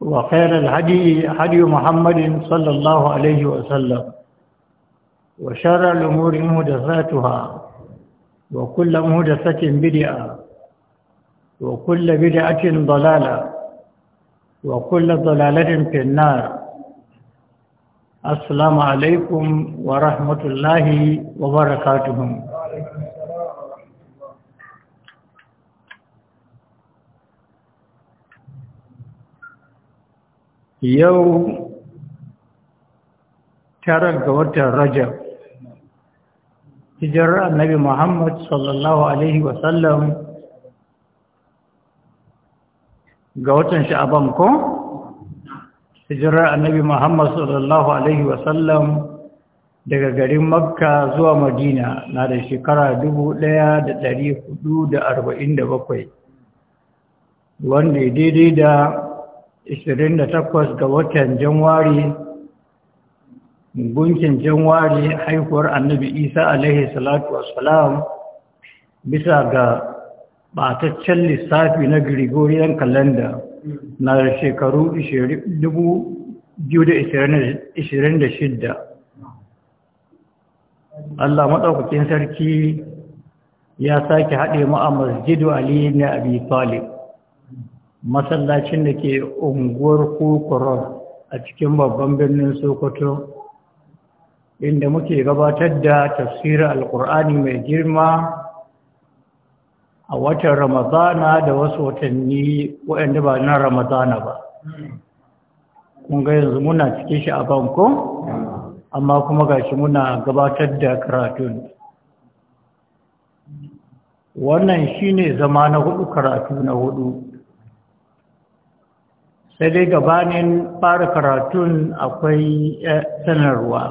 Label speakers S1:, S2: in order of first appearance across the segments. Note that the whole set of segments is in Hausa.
S1: وخير الهدي هدي محمد صلى الله عليه وسلم وشر الأمور مهدثاتها وكل مهدثة بدعة وكل بدعة ضلالة وكل ضلالة في النار السلام عليكم ورحمة الله وبركاته yau tarar ga watan rajab hijirar annabi muhammad sallallahu alaihi wasallam ga watan sha'aban ko hijirar annabi muhammad sallallahu alaihi wasallam daga garin makka zuwa madina na da shekara 1447 wanda daidai da 28 ga watan Janwari gunkin Janwari haihuwar Annabi Isa alaihi salatu wasalam bisa ga bataccen lissafi na Gregorian calendar na shekaru 2026 Allah matsaukakin sarki ya sake haɗe mu a masjidu Ali na Abi Talib masallacin da ke unguwar kokoro a cikin babban birnin sokoto inda muke gabatar da tafsiri alkur'ani mai girma a watan ramadana da wasu watanni waɗanda ba na ramadana ba kun ga yanzu muna cike shi a banko amma kuma gashi muna gabatar da karatun wannan shine zama na hudu karatu na hudu sai dai gabanin fara karatun akwai eh, sanarwa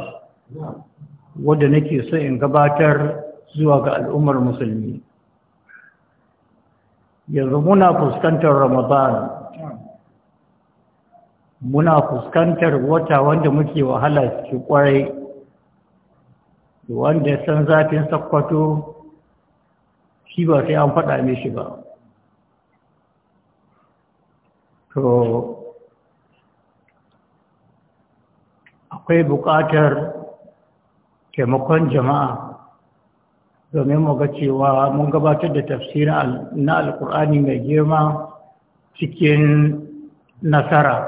S1: wadda nake so in gabatar zuwa ga al'ummar musulmi yanzu muna fuskantar ramadan muna fuskantar wata wanda muke wahala ciki kwarai wanda ya san zafin sakwato shi ba sai an faɗa mishi ba akwai buƙatar taimakon jama'a domin mu ga cewa mun gabatar da tafsirin na alkur'ani mai girma cikin nasara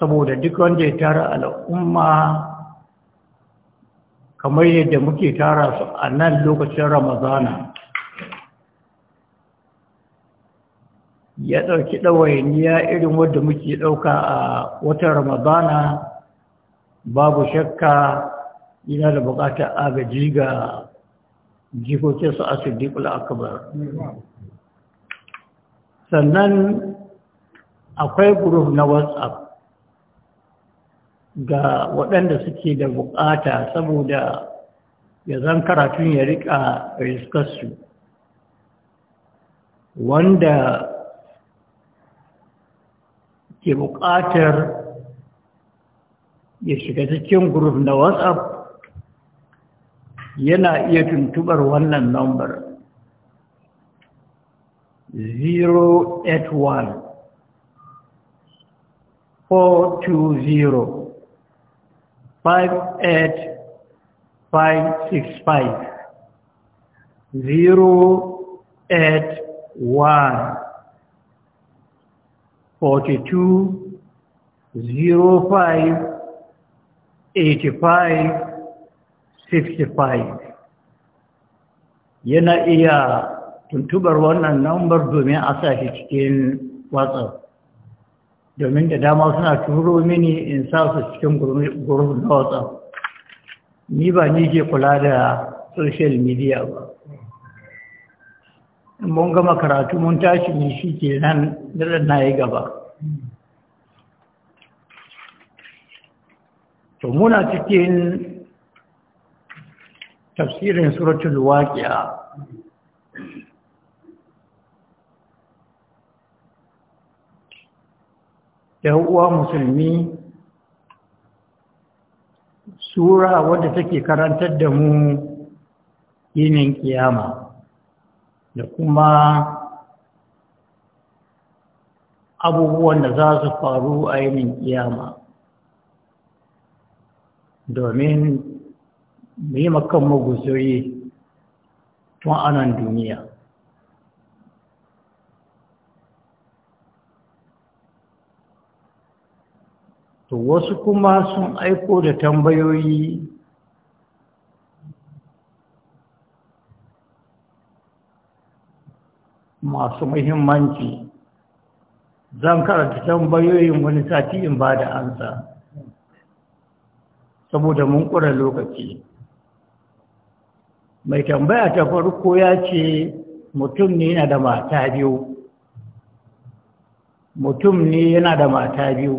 S1: saboda duk wanda ya tara al'umma kamar yadda muke tara su a nan lokacin ramazana ya ɗauki ɗawainiya irin wadda muke ɗauka a watan ramazana babu shakka yana da bukatar agaji ga jikokinsu a siddiƙul akabar sannan akwai guruf na whatsapp ga waɗanda suke da bukata saboda ya zan karatun ya riƙa riskarsu wanda ke buƙatar ya shiga cikin group na whatsapp yana iya tuntubar wannan number 081 420 58565 081 42 85-65 yana iya tuntubar wannan nambar domin a sa shi cikin whatsapp domin da dama suna turo mini in sa su cikin gurbin na whatsapp ni ba ni ke kula da social media ba mun gama karatu mun tashi ne shi ke nan na yi gaba to muna cikin tafsirin suratul waqi'a da uwa musulmi sura wadda take karantar da mu yinin kiyama da kuma abubuwan da za su faru a yinin kiyama domin mu yi makon guzuri tun anan duniya to wasu kuma sun aiko da tambayoyi masu muhimmanci zan karanta tambayoyin wani sati in ba da ansa saboda mun ƙura lokaci mai tambaya ta farko ya ce mutum ne yana da mata biyu mutum ne yana da mata biyu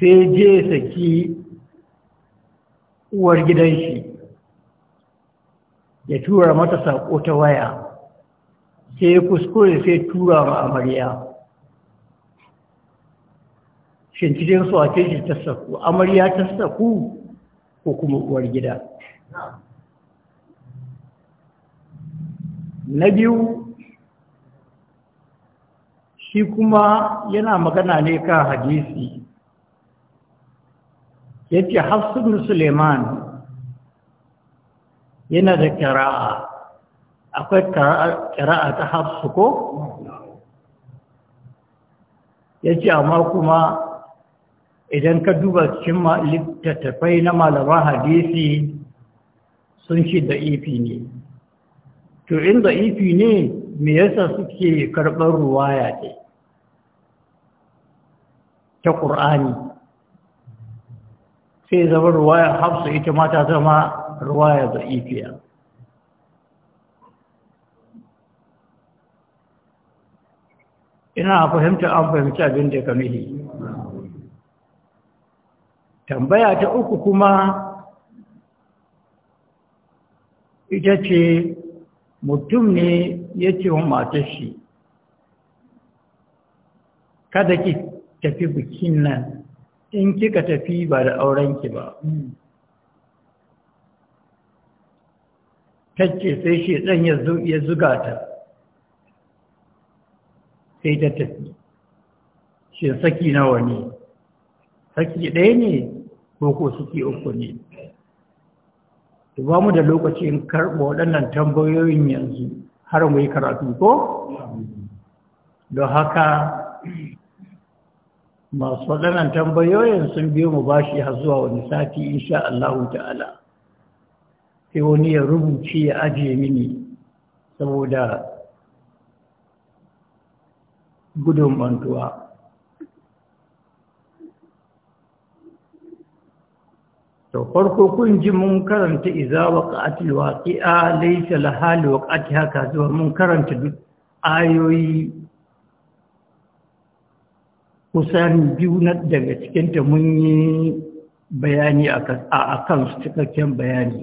S1: sai je saki uwar gidanshi. ya tura mata saƙo ta waya sai kuskure sai tura ma amarya shin cikin su wace ta saku amarya ta saku ko kuma uwar gida na biyu shi kuma yana magana ne kan hadisi yace hafsun suleiman yana da kira'a akwai kira'a ta hafsu ko yace amma kuma idan ka duba cikin littattafai na malaman hadisi sun shi da ifi ne to inda ifi ne me yasa suke karɓar ruwaya ce ta ƙur'ani sai zama ruwaya hafsa ita ma ta zama ruwaya da ifiya ina fahimta an fahimci abin da ka mihi tambaya ta uku kuma ita ce mutum ne ya ce wa matar shi kada ki tafi bikin nan in kika tafi ba da aurenki ba ta ce sai shi ɗan ya zuga ta sai ta tafi shi saki nawa ne saki ɗaya ne ko ko suke uku ne ba mu da lokacin karɓa waɗannan tambayoyin yanzu har mu yi karatu ko don haka masu waɗannan tambayoyin sun biyo mu bashi har zuwa wani sati insha Allahu ta'ala sai wani ya rubuce ya ajiye mini saboda gudun mantuwa to farko kun ji mun karanta iza waqa'atil waqi'a laysa laha li waqa'atiha haka zuwa mun karanta duk ayoyi kusan biyu na daga cikinta mun yi bayani a akan su cikakken bayani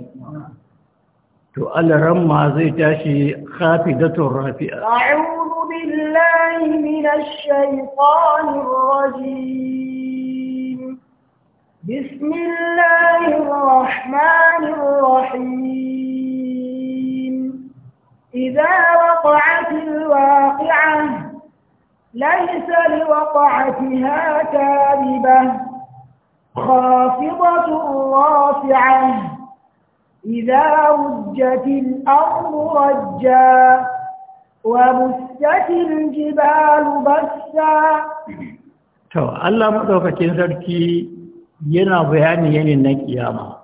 S1: to alaran ma zai tashi khafidatun rafi'a
S2: a'udhu billahi minash shaitanir rajim بسم الله الرحمن الرحيم إذا وقعت الواقعة ليس لوقعتها كاذبة خافضة رافعة إذا رجت الأرض رجا وبست الجبال بسا
S1: to Allah yana bayani yanin na kiyama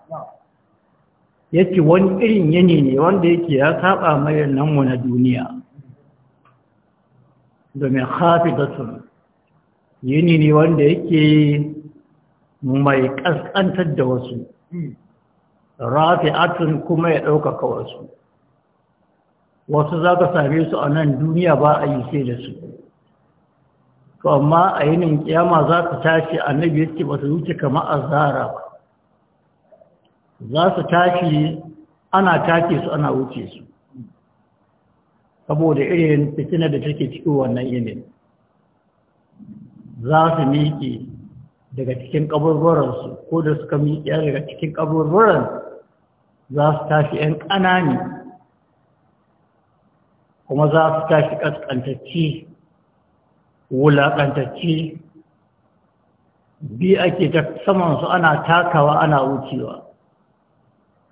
S1: yake wani irin yini ne wanda yake ya saba mai mu na duniya domin su, yani ne wanda yake mai ƙasƙantar da wasu rafi atun kuma ya ɗaukaka wasu wasu za ka same su a nan duniya ba a yi sai da su to amma a yinin kiyama za ta tashi annabi ya ce ba su wuce kama azara ba za su tashi ana tashi su ana wuce su saboda irin fitina da take cikin wannan yinin za su miƙe daga cikin kaburburansu ko da suka miƙe daga cikin kaburburan za su tashi 'yan ƙanani kuma za su tashi ƙasƙantacci wulaƙantacce bi ake ta samansu ana takawa ana wucewa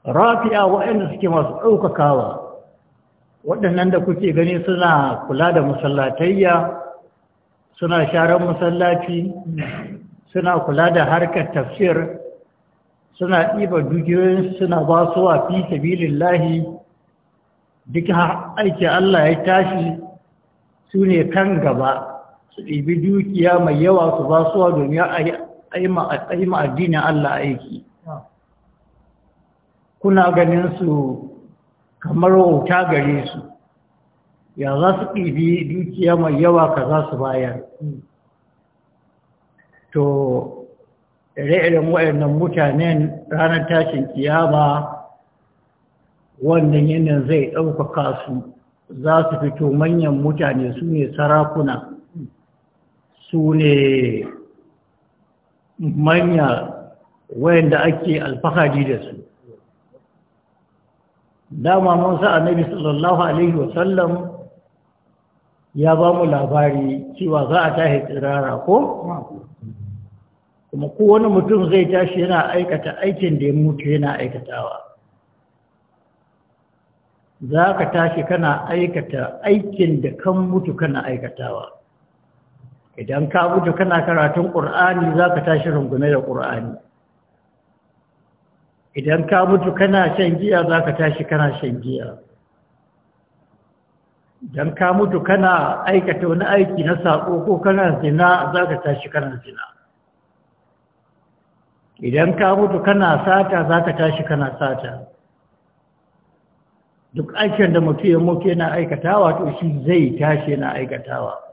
S1: rafi'a waɗanda suke masu ɗaukakawa waɗannan da kuke gani suna kula da masallatayya suna sharan masallaci suna kula da harkar tafsir suna ɗiba dukiyoyin suna ba su wa fi lahi duk aiki Allah ya tashi su ne kan gaba su ɗibi dukiya mai yawa su ba suwa domin a yi ma'addinin Allah aiki kuna ganin su kamar wauta gare su ya za su ɗibi dukiya mai yawa ka za su bayar to ire-iren waɗannan mutanen ranar tashin kiyama wannan yanin zai ɗaukaka su za su fito manyan mutane su ne sarakuna su ne manya wayanda ake alfahari da su dama mun sa annabi sallallahu alaihi wasallam ya ba mu labari cewa za a tashi tsirara ko kuma kowane mutum zai tashi yana aikata aikin da ya mutu yana aikatawa za ka tashi kana aikata aikin da kan mutu kana aikatawa idan ka gudu kana karatun ƙur'ani za ka tashi rungume da ƙur'ani idan ka mutu kana shan giya za ka tashi kana shan giya idan ka mutu kana aikata wani aiki na saƙo ko kana zina za ka tashi kana zina idan ka mutu kana sata za ka tashi kana sata duk aikin da mutu ya muke na aikatawa to shi zai tashi na aikatawa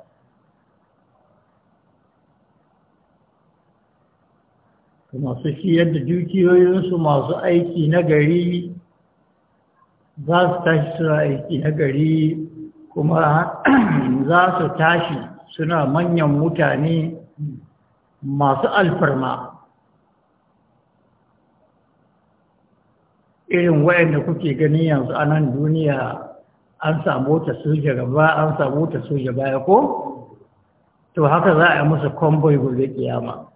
S1: masu shiyar da dukiyoyinsu masu aiki na gari za su tashi suna aiki na gari kuma za su tashi suna manyan mutane masu alfarma irin wayanda kuke ganin yanzu a nan duniya an samu ta soja gaba an samu ta soja baya ko to haka za a yi musu kwamboi gobe kiyama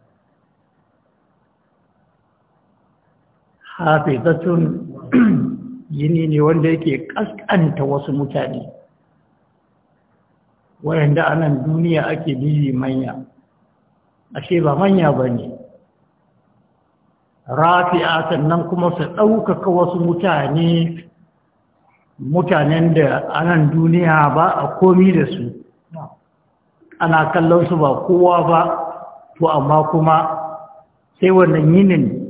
S1: hafizatun yini ne wanda yake kaskanta wasu mutane wayanda a nan duniya ake biyi manya ashe ba manya ba ne rafi'a sannan kuma su ɗaukaka wasu mutane mutanen da anan duniya ba a komi da su ana kallon su ba kowa ba to amma kuma sai wannan yinin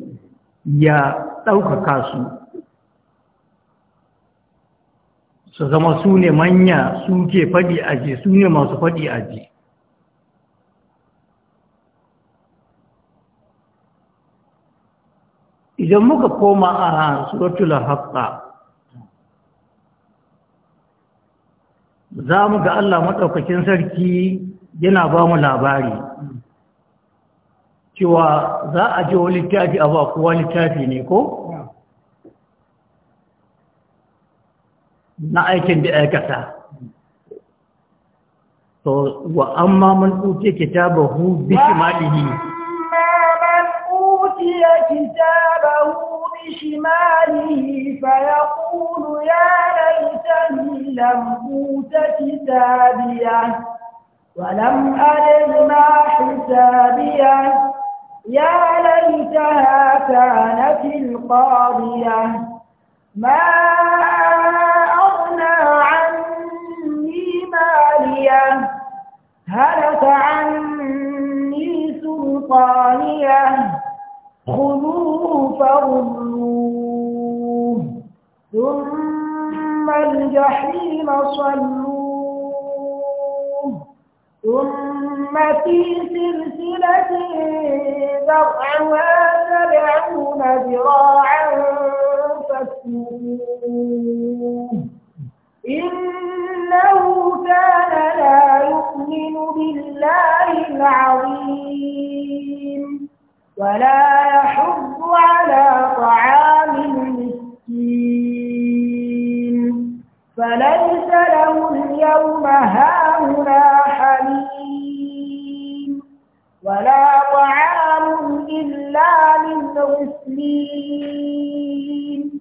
S1: ya ɗaukaka su su zama su ne manya su ke faɗi aji su ne masu faɗi aji idan muka koma a suratul haqqa za mu ga Allah maɗaukakin sarki yana ba mu labari cewa za a je wani littafi a ba kowa littafi ne ko? na aikin da ya aikata to wa amma man uce kitabahu bi shimalihi man
S2: uce kitabahu bi shimalihi fa yaqulu ya laitani lam uta kitabiya
S1: wa lam adri
S2: ma hisabiya يا ليتها كانت القاضية ما أغنى عني مالية هلك عني سلطانية خذوه فغلوه ثم الجحيم صلوه ثم ثم في سلسلة ذرعها سبعون ذراعا فاسلكوه إنه كان لا يؤمن بالله العظيم ولا يحض على طعام المسكين فليس له اليوم هاهنا حليم ولا طعام إلا من غسلين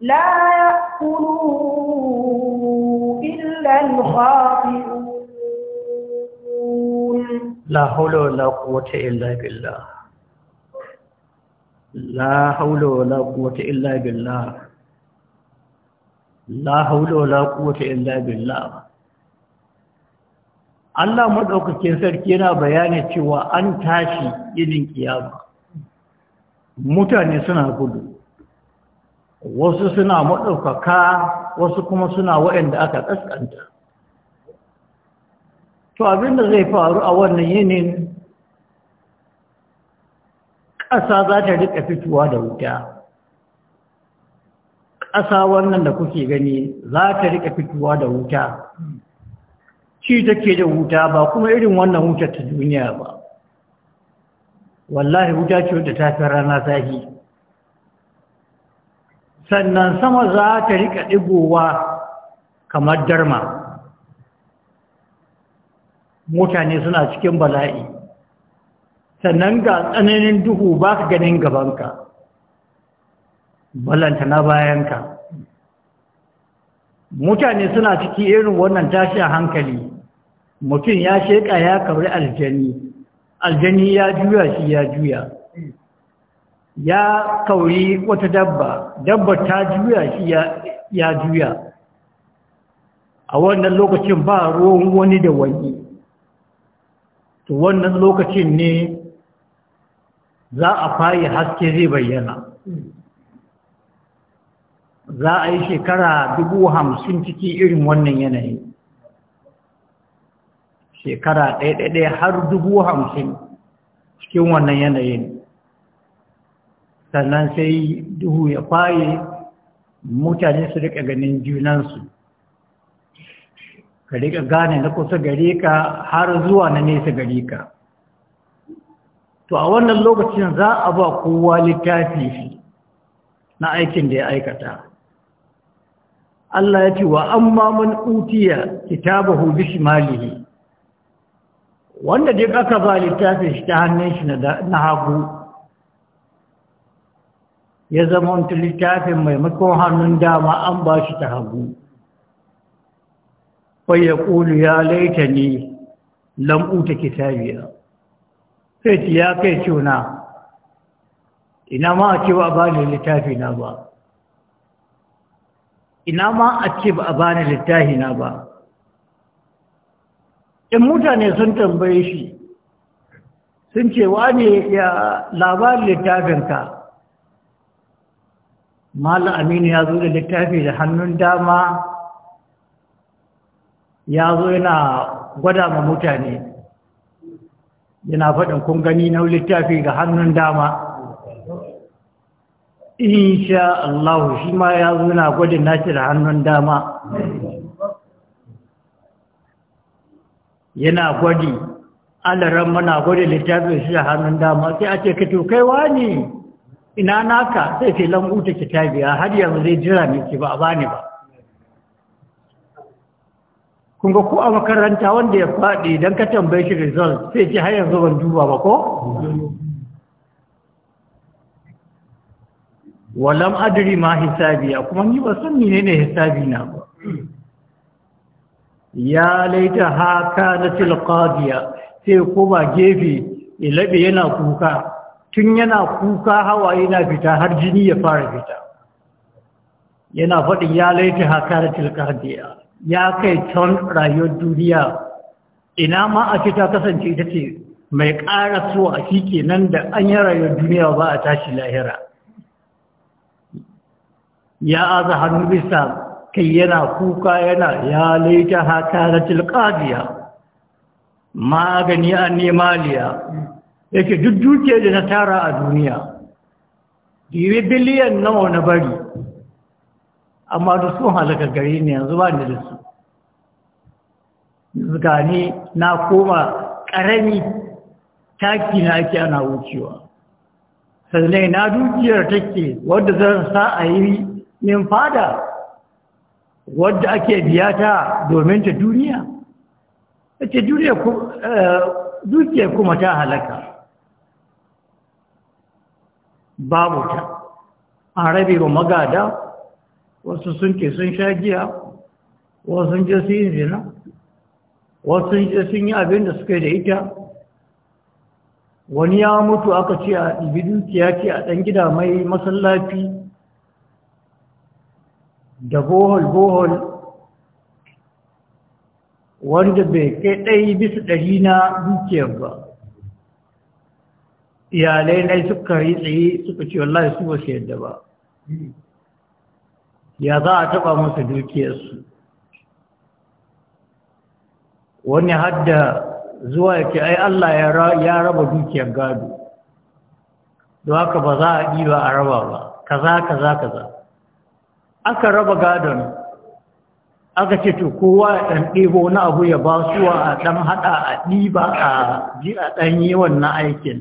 S2: لا يأكله إلا الخاطئون
S1: لا حول ولا قوة إلا بالله لا حول ولا قوة إلا بالله لا حول ولا قوة إلا بالله Allah maɗaukakin sarki yana bayani cewa an tashi yin kiyama mutane suna gudu wasu suna maɗaukaka wasu kuma suna waɗanda aka ƙasƙanta to abinda zai faru a wannan yinin ƙasa za ta riƙa fitowa da wuta ƙasa wannan da kuke gani za ta riƙa fitowa da wuta shi take da huta ba kuma irin wannan hutar ta duniya ba wallahi huta ce wadda ta fi rana zafi. sannan sama za ta rika ɗigowa kamar darma mutane suna cikin bala'i sannan ga tsananin duhu ba ka ganin gabanka balanta na bayanka mutane suna ciki irin wannan tashin hankali mutum ya sheƙa ya kauri aljani aljani ya juya shi ya juya ya kauri wata dabba dabba ta juya shi ya juya a wannan lokacin ba ruwan wani da wani to wannan lokacin ne za a fayi haske zai bayyana za a yi shekara dubu hamsin ciki irin wannan yanayi shekara ɗaya ɗaya har dubu hamsin cikin wannan yanayin sannan sai duhu ya faye mutane su rika ganin junansu ka rika gane na kusa gare ka har zuwa na nesa gare ka to a wannan lokacin za a ba kowa littafi na aikin da ya aikata Allah ya ce wa amma man utiya kitabahu bishmalihi wanda duk aka ba littafin shi ta hannun shi na hagu ya zama wata littafin maimakon hannun dama an ba shi ta hagu bai ya ƙulu ya laita ne lam'uta kitabiya sai ti ya kai cuna ina ma a ce ba a ba ni littafi na ba ina ma a ce ba a ba ni littafi na ba in mutane sun tambaye shi sun ce wa ne ya labarin littafinka Malam Aminu ya zo da littafi da hannun dama ya zo yana gwada ma mutane yana faɗin kun gani na littafi ga hannun dama insha Allah shi ma ya zo yana gwada nashi da hannun dama yana gwadi alaran mana gwada littafin shi da hannun dama sai a ce ka to kai wani ina naka sai ce lambu ta a har yanzu zai jira ki ba a bani ba kun ga ko a makaranta wanda ya faɗi don ka tambaye shi result sai ce har yanzu ban duba ba ko walam adri ma hisabiya kuma ni ba san ne hisabi na ba ya laita haka na tilqadiya sai ba gefe ilabi yana kuka tun yana kuka hawaye na fita har jini ya fara fita yana faɗin ya laita haka na tilqadiya ya kai ton rayuwar duniya ina ma a ce ta kasance ita ce mai ƙara so a shi kenan da an yi rayuwar duniya ba a tashi lahira ya aza hannu bisa kai yana kuka yana ya laita haka na tilkaziya magani a nemaliya yake duk dukiyar da na tara a duniya dibi biliyan nawa na bari amma da sun halaka gari ne yanzu ba ni da su zgani na koma ƙarami taki na ake ana wucewa sannan na dukiyar take wadda zan sa a yi min fada wadda ake biya ta domin ta duniya ake duniya eh, kuma ta halaka babu ta an rabe wa magada wasu sun ke sun sha giya wasu sun je sun yi zina wasu sun je sun yi abin da suka yi da ita wani ya mutu aka ce a ibi dukiya ce a ɗan gida mai masallafi da bohol-bohol wanda bai kai ɗai bisa ɗari na dukiyar ba iyalai na suka yi tsaye suka ce wallahi su wasu yadda ba ya za a taɓa masa dukiyarsu wani hadda zuwa ya ce ai Allah ya raba dukiyar gado don haka ba za a ba a raba ba kaza kaza kaza aka raba gadon aka ce to kowa ya ɗan ɗebo na abu ya ba suwa a ɗan haɗa a ɗiba a ji a ɗan yi wannan aikin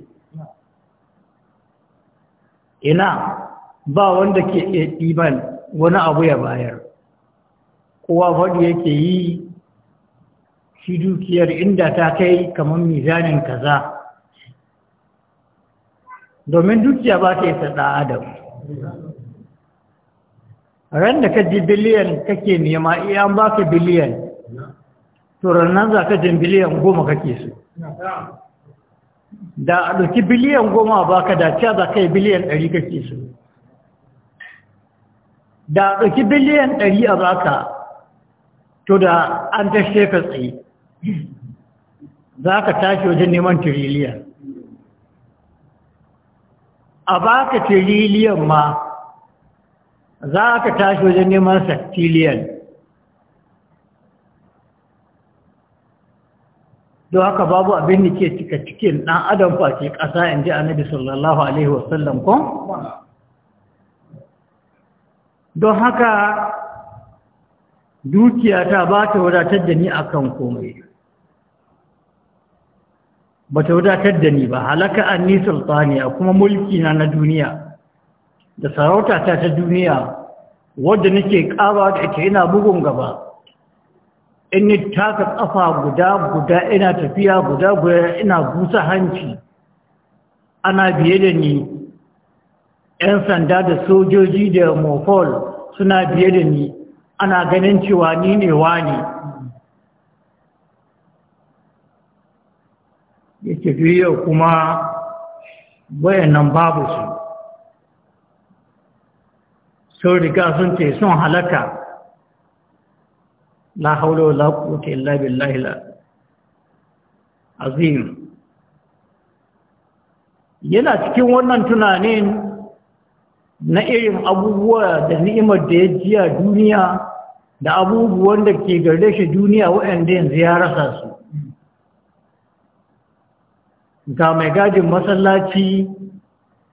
S1: ina ba wanda ke iya ɗiban wani abu ya bayar kowa faɗi yake yi shi dukiyar inda ta kai kamar mizanin kaza domin dukiya ba ta yi ta adam ran da ka ji biliyan kake nema iya an baka biliyan to ranar za ka jin biliyan goma kake su da a ɗauki biliyan goma baka da ca za ka yi biliyan ɗari kake su da a ɗauki biliyan ɗari a baka to da an tashe ka tsaye za ka tashi wajen neman tiriliyan a baka tiriliyan ma za ka tashi wajen neman sattiliyan? don haka babu abin da ke cika cikin ɗan adam fashe ƙasa in ji annabi sallallahu alaihi wasallam kun? don haka dukiya ta ba ta wadatar da ni akan komai ba ta wadatar da ni ba halaka an ni sultaniya kuma mulki na na duniya da sarautata ta duniya wadda nake ƙaba da ita ina bugun gaba in ni taka ƙafa guda guda ina tafiya guda guda ina busa hanci ana biye da ni 'yan sanda da sojoji da mofol suna biye da ni ana ganin cewa ni ne wani yake biyo kuma bayanan babu su sun riga sun ce sun halaka la haula wala quwwata illa billahi la azim yana cikin wannan tunanin na irin abubuwa da ni'imar da ya jiya duniya da abubuwan da ke gare shi duniya waɗanda yanzu ya rasa su ga mai gajin masallaci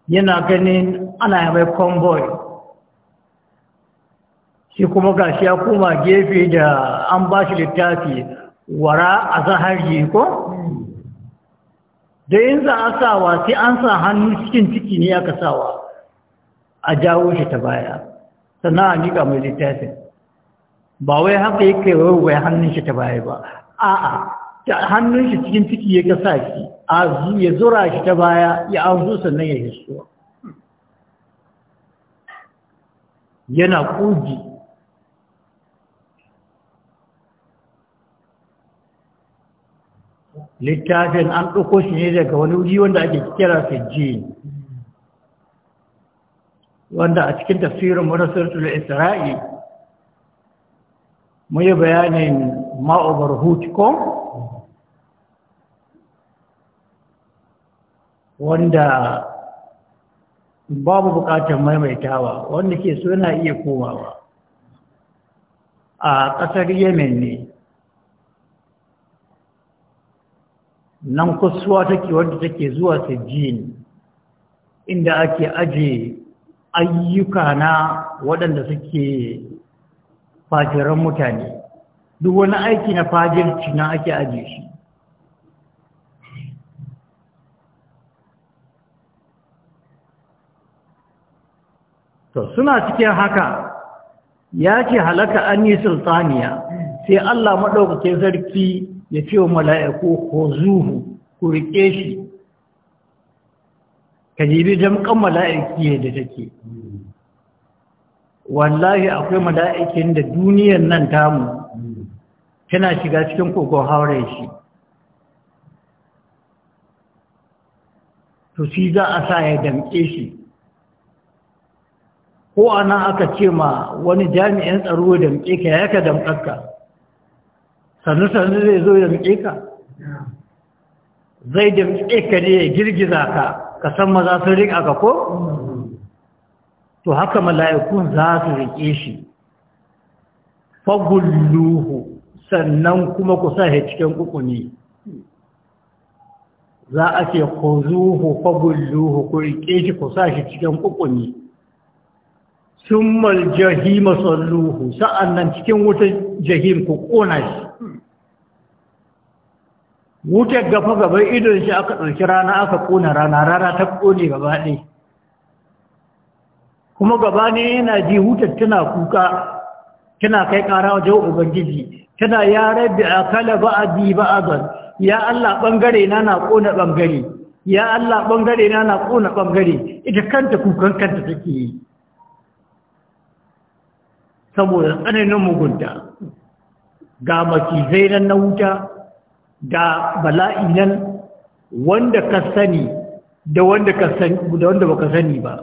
S1: yana ganin ana mai convoy shi kuma ga shi ya koma gefe da an ba shi littafi wara a zahari ko? da yin za a sawa sai an sa hannu cikin ciki ne aka sawa a jawo shi ta baya sannan a nika mai littafi. ba wai haka ya kai wai hannun shi ta baya ba
S3: a'a
S1: hannun shi cikin ciki ya kasa shi a ya zura shi ta baya ya an zo sannan ya hisuwa yana kogi littafin an ɗauko shi ne daga wani wuri wanda ake kira sijji wanda a cikin tafsirin murasartul isra'i mun yi bayanin ma'ubar ko wanda babu bukatar maimaitawa wanda ke so yana iya komawa a ƙasar yemen ne nan kusuwa take wanda take zuwa sijjin inda ake aje ayyuka na waɗanda suke fajiran mutane duk wani aiki na fajirci na ake aje shi to suna cikin haka ya ce halaka an yi sultaniya sai Allah maɗaukakin sarki ya ce wa mala'iku ko zuhu ku riƙe shi ka jibi jamkan mala'iki da take wallahi akwai mala'ikin da duniyan nan tamu tana shiga cikin kogon haure shi to shi za a sa ya damƙe shi ko ana aka ce ma wani jami'in tsaro damƙe ka ya ka damƙarka sannu sannu zai zo ya riƙe ka zai da riƙe ka ne ya girgiza ka ka san maza sun riƙa ka ko to haka mala'ikun za su riƙe shi fagulluhu sannan kuma ku sa cikin kukuni za a ce ku zuhu fagulluhu ku riƙe shi ku sa shi cikin kukuni summal jahima salluhu sa'annan cikin wutar jahim ku kona shi wutar gafa gaba idon shi aka ɗauki rana aka kona rana rana ta kone gaba ɗaya kuma gaba ne yana ji wutar tana kuka tana kai ƙara wajen ubangiji tana ya rabbi akala ba ba'adan ya Allah bangare na na kona bangare ya Allah bangare na na kona bangare ita kanta kukan kanta take yi saboda tsananin mugunta ga macizai nan na wuta da bala'i nan wanda ka sani da wanda ka sani da wanda baka sani ba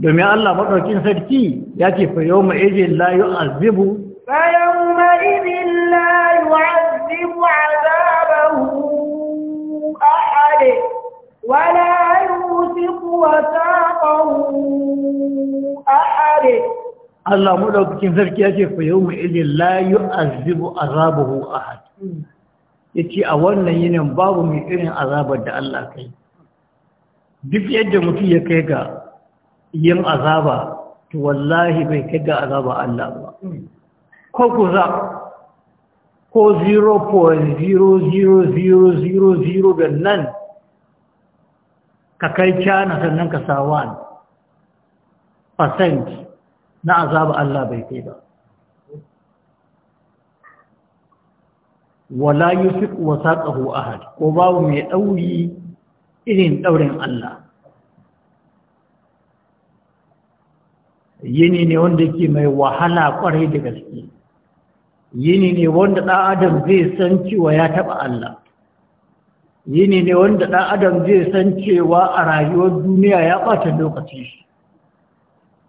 S1: domin Allah madaukin sarki ya ce fa yawma idin la yu'azibu
S2: fa yawma idin la yu'azibu azabahu ahad wala
S1: Allah cikin sarki ya ce fa yau mu ilin layu azibu azabahu ahad ya ce a wannan yinin babu mai irin azabar da Allah kai duk yadda mutum ya kai ga yin azaba to wallahi bai kai ga azaba Allah ba ko kuza ko 0.00000 da nan ka kai cana sannan ka sa 1 percent na azaba Allah bai kai ba wala yufiq wasaqahu ahad ko babu mai dauri irin daurin Allah yini ne wanda yake mai wahala kwarai da gaske yini ne wanda dan adam zai san cewa ya taɓa Allah yini ne wanda dan adam zai san cewa a rayuwar duniya ya ɓata lokaci shi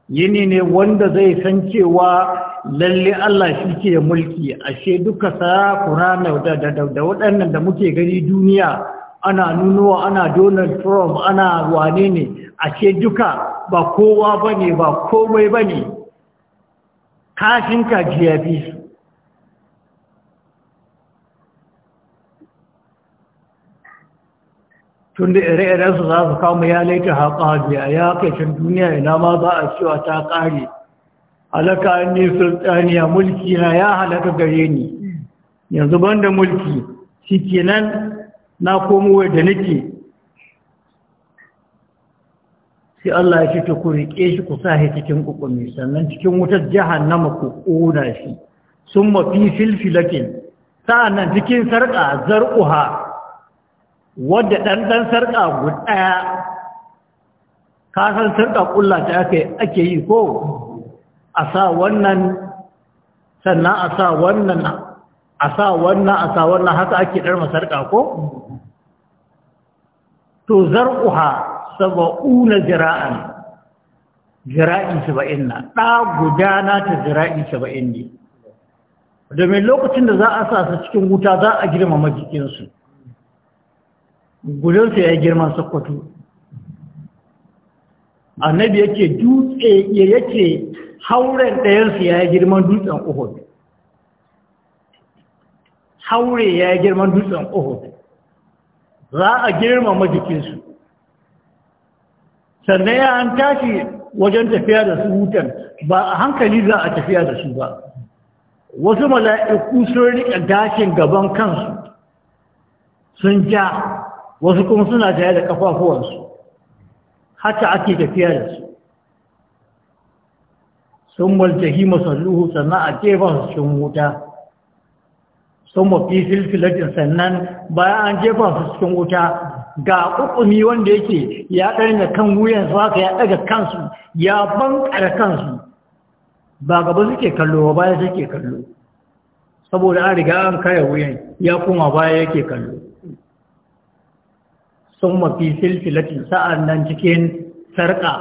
S1: yini ne wanda zai san cewa lalle Allah shi ke mulki ashe duka sakura da da waɗannan da muke gani duniya ana nunuwa ana Donald Trump ana wane ne ashe duka ba kowa bane ba komai bane kashin ka jiya tun da ire-irensu za su kama ya laita haƙa hajiya ya kacin duniya ina ma za a cewa ta ƙare halaka ne sultaniya mulki na ya halaka gare ni yanzu ban mulki shi kenan na komo da nake sai Allah ya ce ta ku riƙe shi ku sa shi cikin ƙuƙumi sannan cikin wutar jahannama ku ƙona shi sun mafi filfilakin nan cikin sarƙa zar'uha wadda ɗanɗan sarƙa guɗaya kasan sarƙa ƙulla ta ake yi ko a sa wannan sannan a sa wannan a sa wannan a sa wannan haka ake ɗarma sarƙa ko? to zar'uha saba'una jira'an jira'i saba'in na ɗa gudana ta jira'i saba'in ne domin lokacin da za a sa su cikin wuta za a girmama jikinsu gudansa ya yi girman sakwato annabi yake dutse ya yake hauren ɗayansu ya yi girman dutsen ohud haure ya yi girman dutsen ohud za a girmama jikinsu sannan ya an tashi wajen tafiya da su hutan ba a hankali za a tafiya da su ba wasu mala'iku sun riƙa dashin gaban kansu sun ja wasu kuma suna jaya da kafafuwansu hata ake tafiya da su sun maltahi masalluhu sannan a jefa su cikin wuta sun mafi silfilatin sannan bayan an jefa su cikin wuta ga ƙuƙumi wanda yake ya da kan wuyansu haka ya ɗaga kansu ya bankara kansu ba gaba suke kallo ba baya suke kallo saboda an riga an kaya wuyan ya kuma baya yake kallo sun mafi silfilatin sa'an nan cikin sarƙa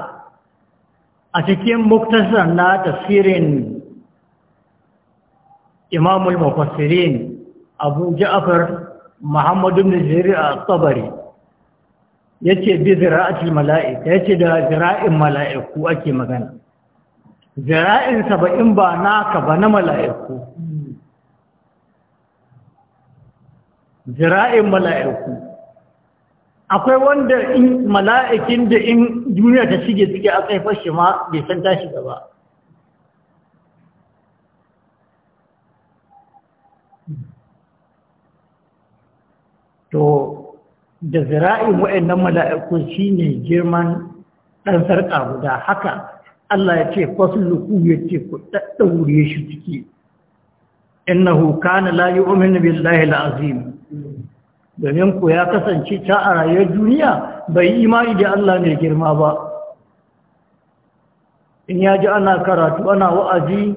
S1: a cikin muktasar na tasirin imamul mafasirin abu ja'afar muhammadu Najeriya, a tsabari ya ce bi zira'atul mala'ika ya ce da zira'in mala'iku ake magana zira'in saba'in ba naka ba na mala'iku zira'in mala'iku akwai wanda in mala'ikin da in duniya ta shige suke a kaifar shi ma bai san tashi gaba to da zira'in wa'annan mala'ikun shi ne girman ɗan sarƙa guda haka Allah ya ce fasuluku ya ce ku ɗaɗɗaure shi ciki innahu kana la yu'minu billahi al-azim domin ku ya kasance ta a rayuwar duniya bai imani da Allah mai girma ba in ya ji ana karatu ana wa'azi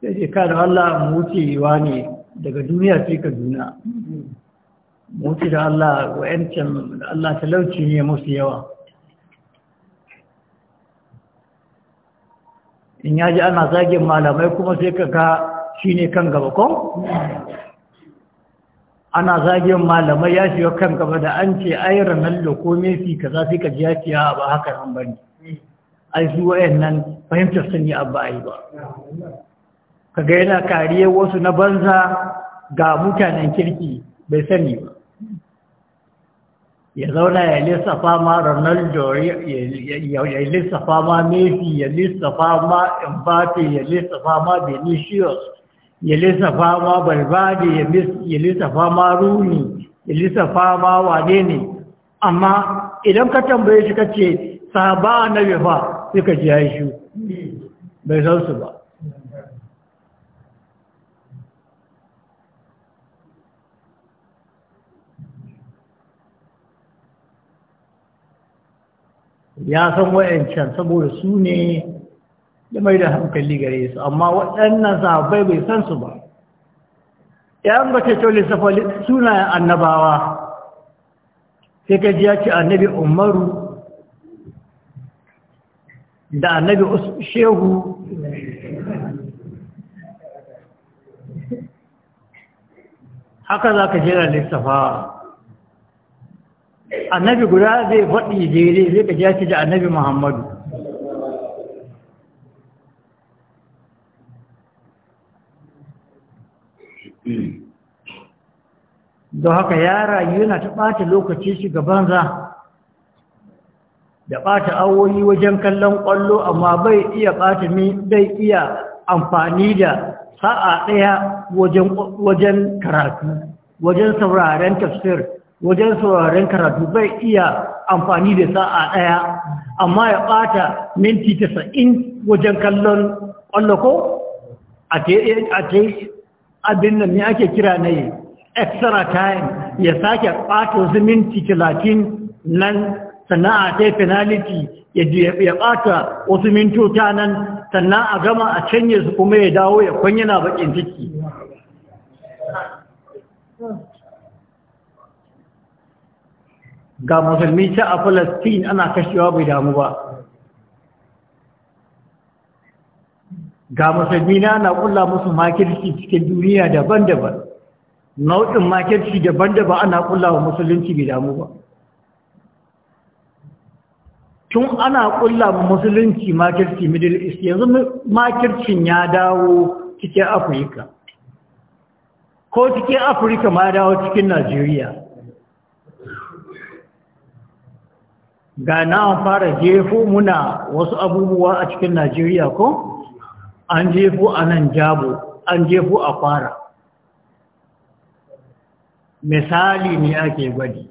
S1: da ce kada Allah wucewa ne daga duniya sai ka duna mutu da Allah da Allah talauci ne musu yawa in ya ji ana zagin malamai kuma sai ka ga shi ne kan gaba kon ana zagin malamai ya shiga kan gaba da an ce ai Ronaldo ko Messi za zafi ka ji ya ce ba haka nan ba ne ai su nan fahimtar sun yi abu a yi ba Ka ga yana kariya wasu na banza ga mutanen kirki bai sani ba ya zauna ya lissafa ma Ronaldo ya lissafa ma Messi ya lissafa ma Mbappe ya lissafa ma ya lissafa ma balbadi ya lissafa ma runi ya lissafa ma wane ne amma idan ka tambaye shi ka ce sahaba annabi fa sai ka ji ya shi bai san su ba ya san wayancan saboda su ne da mai da hankali gare su amma waɗannan sahabbai bai san su ba ‘yan ba ta tole sunayen annabawa sai ka ji ya ce annabi umaru da annabi shehu haka za ka jera lissafawa annabi guda zai faɗi jere zai ka ji ya ce da annabi muhammadu don haka ya rayu yana ta ɓata lokaci shi banza da ɓata awoyi wajen kallon ƙwallo amma bai iya ɓata mi bai iya amfani da sa'a ɗaya wajen karatu wajen sauraren tafsir wajen sauraren karatu bai iya amfani da sa'a ɗaya amma ya ɓata minti tasa'in wajen kallon ƙwallo ko a ta abin nan ne ake kira na yi extra time ya sake ɓato ziminti talatin nan sannan a ta penalty ya ɓata wasu mintota nan sannan a gama a canye su kuma ya dawo ya kwanyana bakin ciki ga musulmi ta a falastin ana kashewa bai damu ba ga musulmi na na kulla musu makirci cikin duniya daban-daban nau'in makirci daban-daban ana kulla wa musulunci bai damu ba tun ana kulla wa musulunci makirci middle east yanzu makircin ya dawo cikin afirka ko cikin afirka ma dawo cikin najeriya ga na fara jefo muna wasu abubuwa a cikin najeriya ko an jefo a nan jabo an jefo a fara misali ne ake gwadi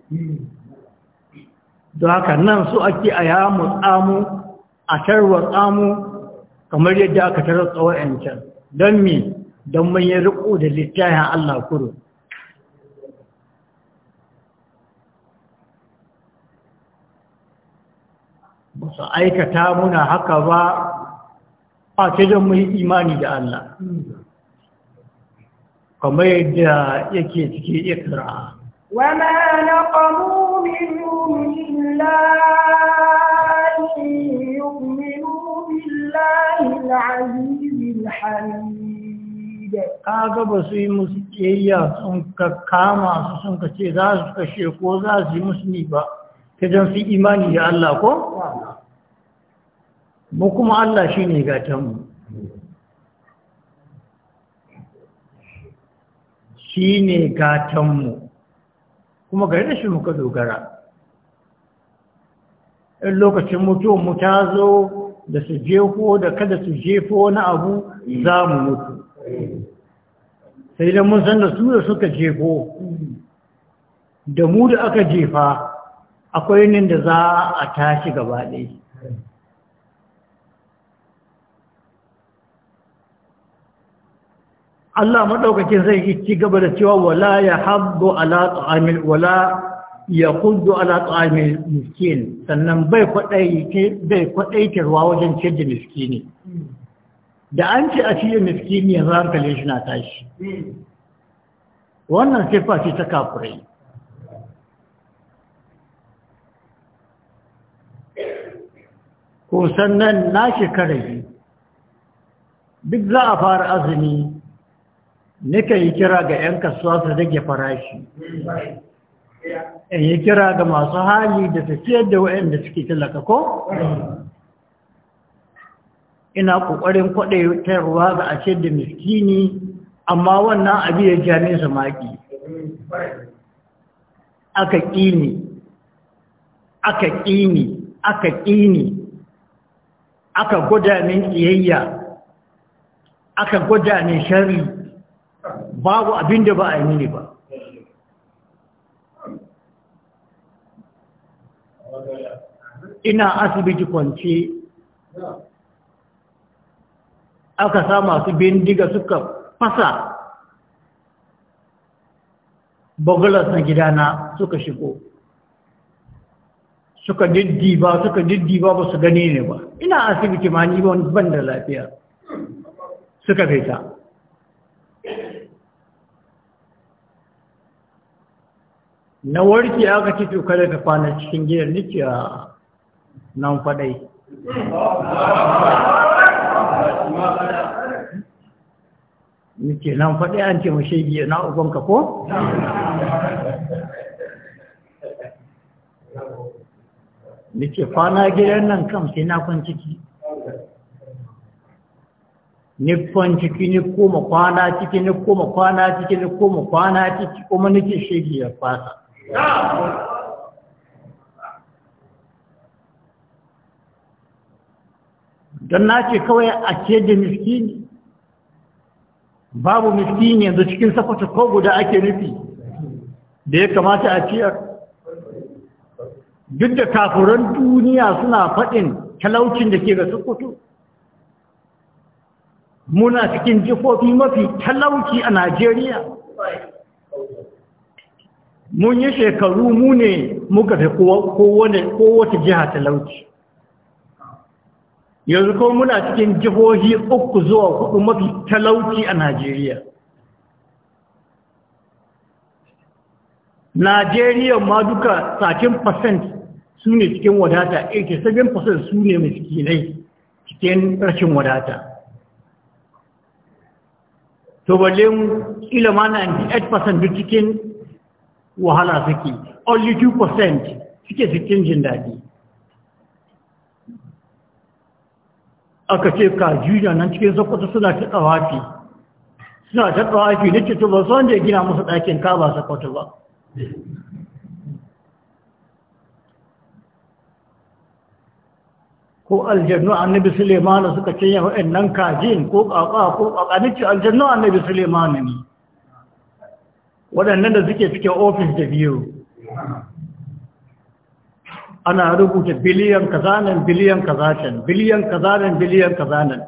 S1: don haka nan su ake a yamu tsamu a tarwa tsamu kamar yadda aka tsawon yancan don me don mun riko da littafin Allah kuro ba su aikata muna haka ba a cikin mun imani da Allah kamar yadda yake cike ikra
S2: wama naqamu minhum illa yu'minu billahi al-'azizil
S1: Ka kaga su yi musu kiyayya sun ka kama su sun ka ce za su kashe ko za su yi musulmi ba ta jan fi imani da Allah ko mu kuma Allah shine gatanmu shi ne gatanmu kuma gari da shi muka dogara in lokacin mutu ta zo da su jefo da kada su jefo na abu za mu mutu sai da mun san da su da suka jefo da mu da aka jefa akwai nin da za a tashi gaba ɗaya Allah maɗaukakin zai yi ci gaba da cewa wala ya habdu ala ta'amil wala ya ala ta'amil miskin sannan bai kwadaike bai wajen ciyar da miskini da an ce a ciyar miskini yanzu hankalin shi na tashi wannan sifa ce ta kafirai ko sannan na shekarar duk za a fara azumi nika yi kira ga 'yan kasuwa su rage farashi in yi kira ga masu hali da tafiyar da waɗanda suke talaka ko? ina ƙoƙarin kwaɗe tayarwa ga a ce da miskini amma wannan abu ya jami su maƙi aka ƙini aka ƙini aka ƙini aka gwada ƙiyayya aka gwada shari'a babu abin da ba a yi mini ba ina asibiti kwance aka sa masu bindiga suka fasa bugulas na gidana suka shigo suka diddiba suka diddiba ba su gane ne ba ina asibiti ma ni ban da lafiya suka fita na warke aka ci to kada ka kwana cikin gidan nake a nan fadai nake nan fadai an ce mashi giya na ka ko? nake kwana gidan nan kam sai na kwan ciki ni kwan ciki ni koma kwana ciki ni koma kwana ciki ni koma kwana ciki kuma nake shege ya fasa don na ce kawai a ce miskini babu miskini yanzu cikin safata ko guda ake nufi da ya kamata a ciyar duk da kafuran duniya suna faɗin talaucin da ke ga sukutu muna cikin jifofi mafi talauci a najeriya mun yi shekaru mu ne muka fi kowace jiha talauci yanzu kuma muna cikin jihohi uku zuwa kudu mafi talauci a najeriya najeriya ma duka percent su ne cikin wadata 87% su ne miskinai cikin rashin wadata to balle mu 98% cikin wahala suke only 2% suke cikin jin daɗi aka ce ka juya nan cikin sakwata suna ta tsawafi suna ta tsawafi na cikin ba son da ya gina musu ɗakin ka ba sakwata ba ko aljannu annabi sulemanu suka cinye nan kajin ko ƙaƙa ko ƙaƙanici aljannu annabi sulemanu ne waɗannan da suke cikin ofis da biyu ana rubuta biliyan kazanan biliyan kazanan biliyan kazanan biliyan kazanan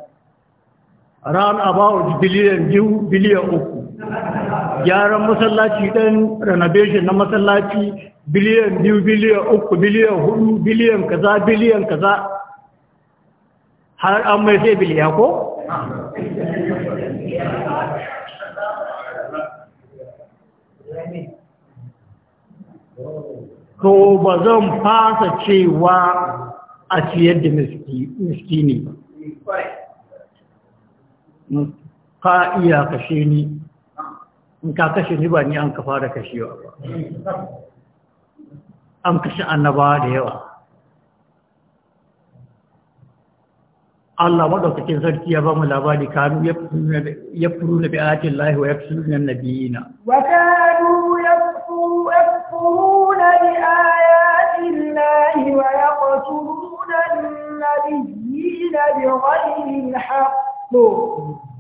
S1: ran about biliyan biyu biliyan uku gyaran masallaci ɗan renovation na masallaci biliyan biyu biliyan uku biliyan hudu biliyan kaza biliyan kaza har an mai sai biliya ko? to ba zan fasa cewa a ciyar da ne. ba ka iya kashe ni in ka kashe ni ba ni an ka fara kashewa ba an kashe annaba da yawa Allah madaukakin sarki ya ba mu labari kanu ya furu na bi'atin lahi wa ya fi sunan nabiyina
S2: wa kanu ya بآيات الله ويقتلون النبيين بغير الحق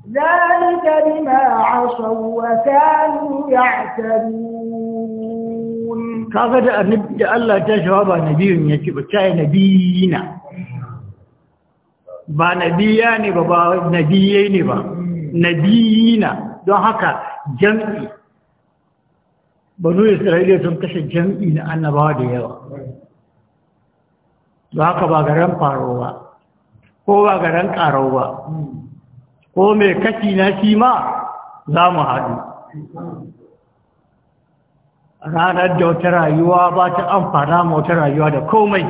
S2: ذلك بما عصوا وكانوا يعتدون
S1: كافر الله تجواب نبي يجب نبينا ba nabiya ne ba ba nabiyai ne ba nabiyina banu isra'ila sun kashe jam'i na annabawa da yawa ba haka ba ran faro ba ko ba ran karo ba ko mai kashi na shi ma za mu haɗu ranar da wata rayuwa ba ta amfana ma wata rayuwa da komai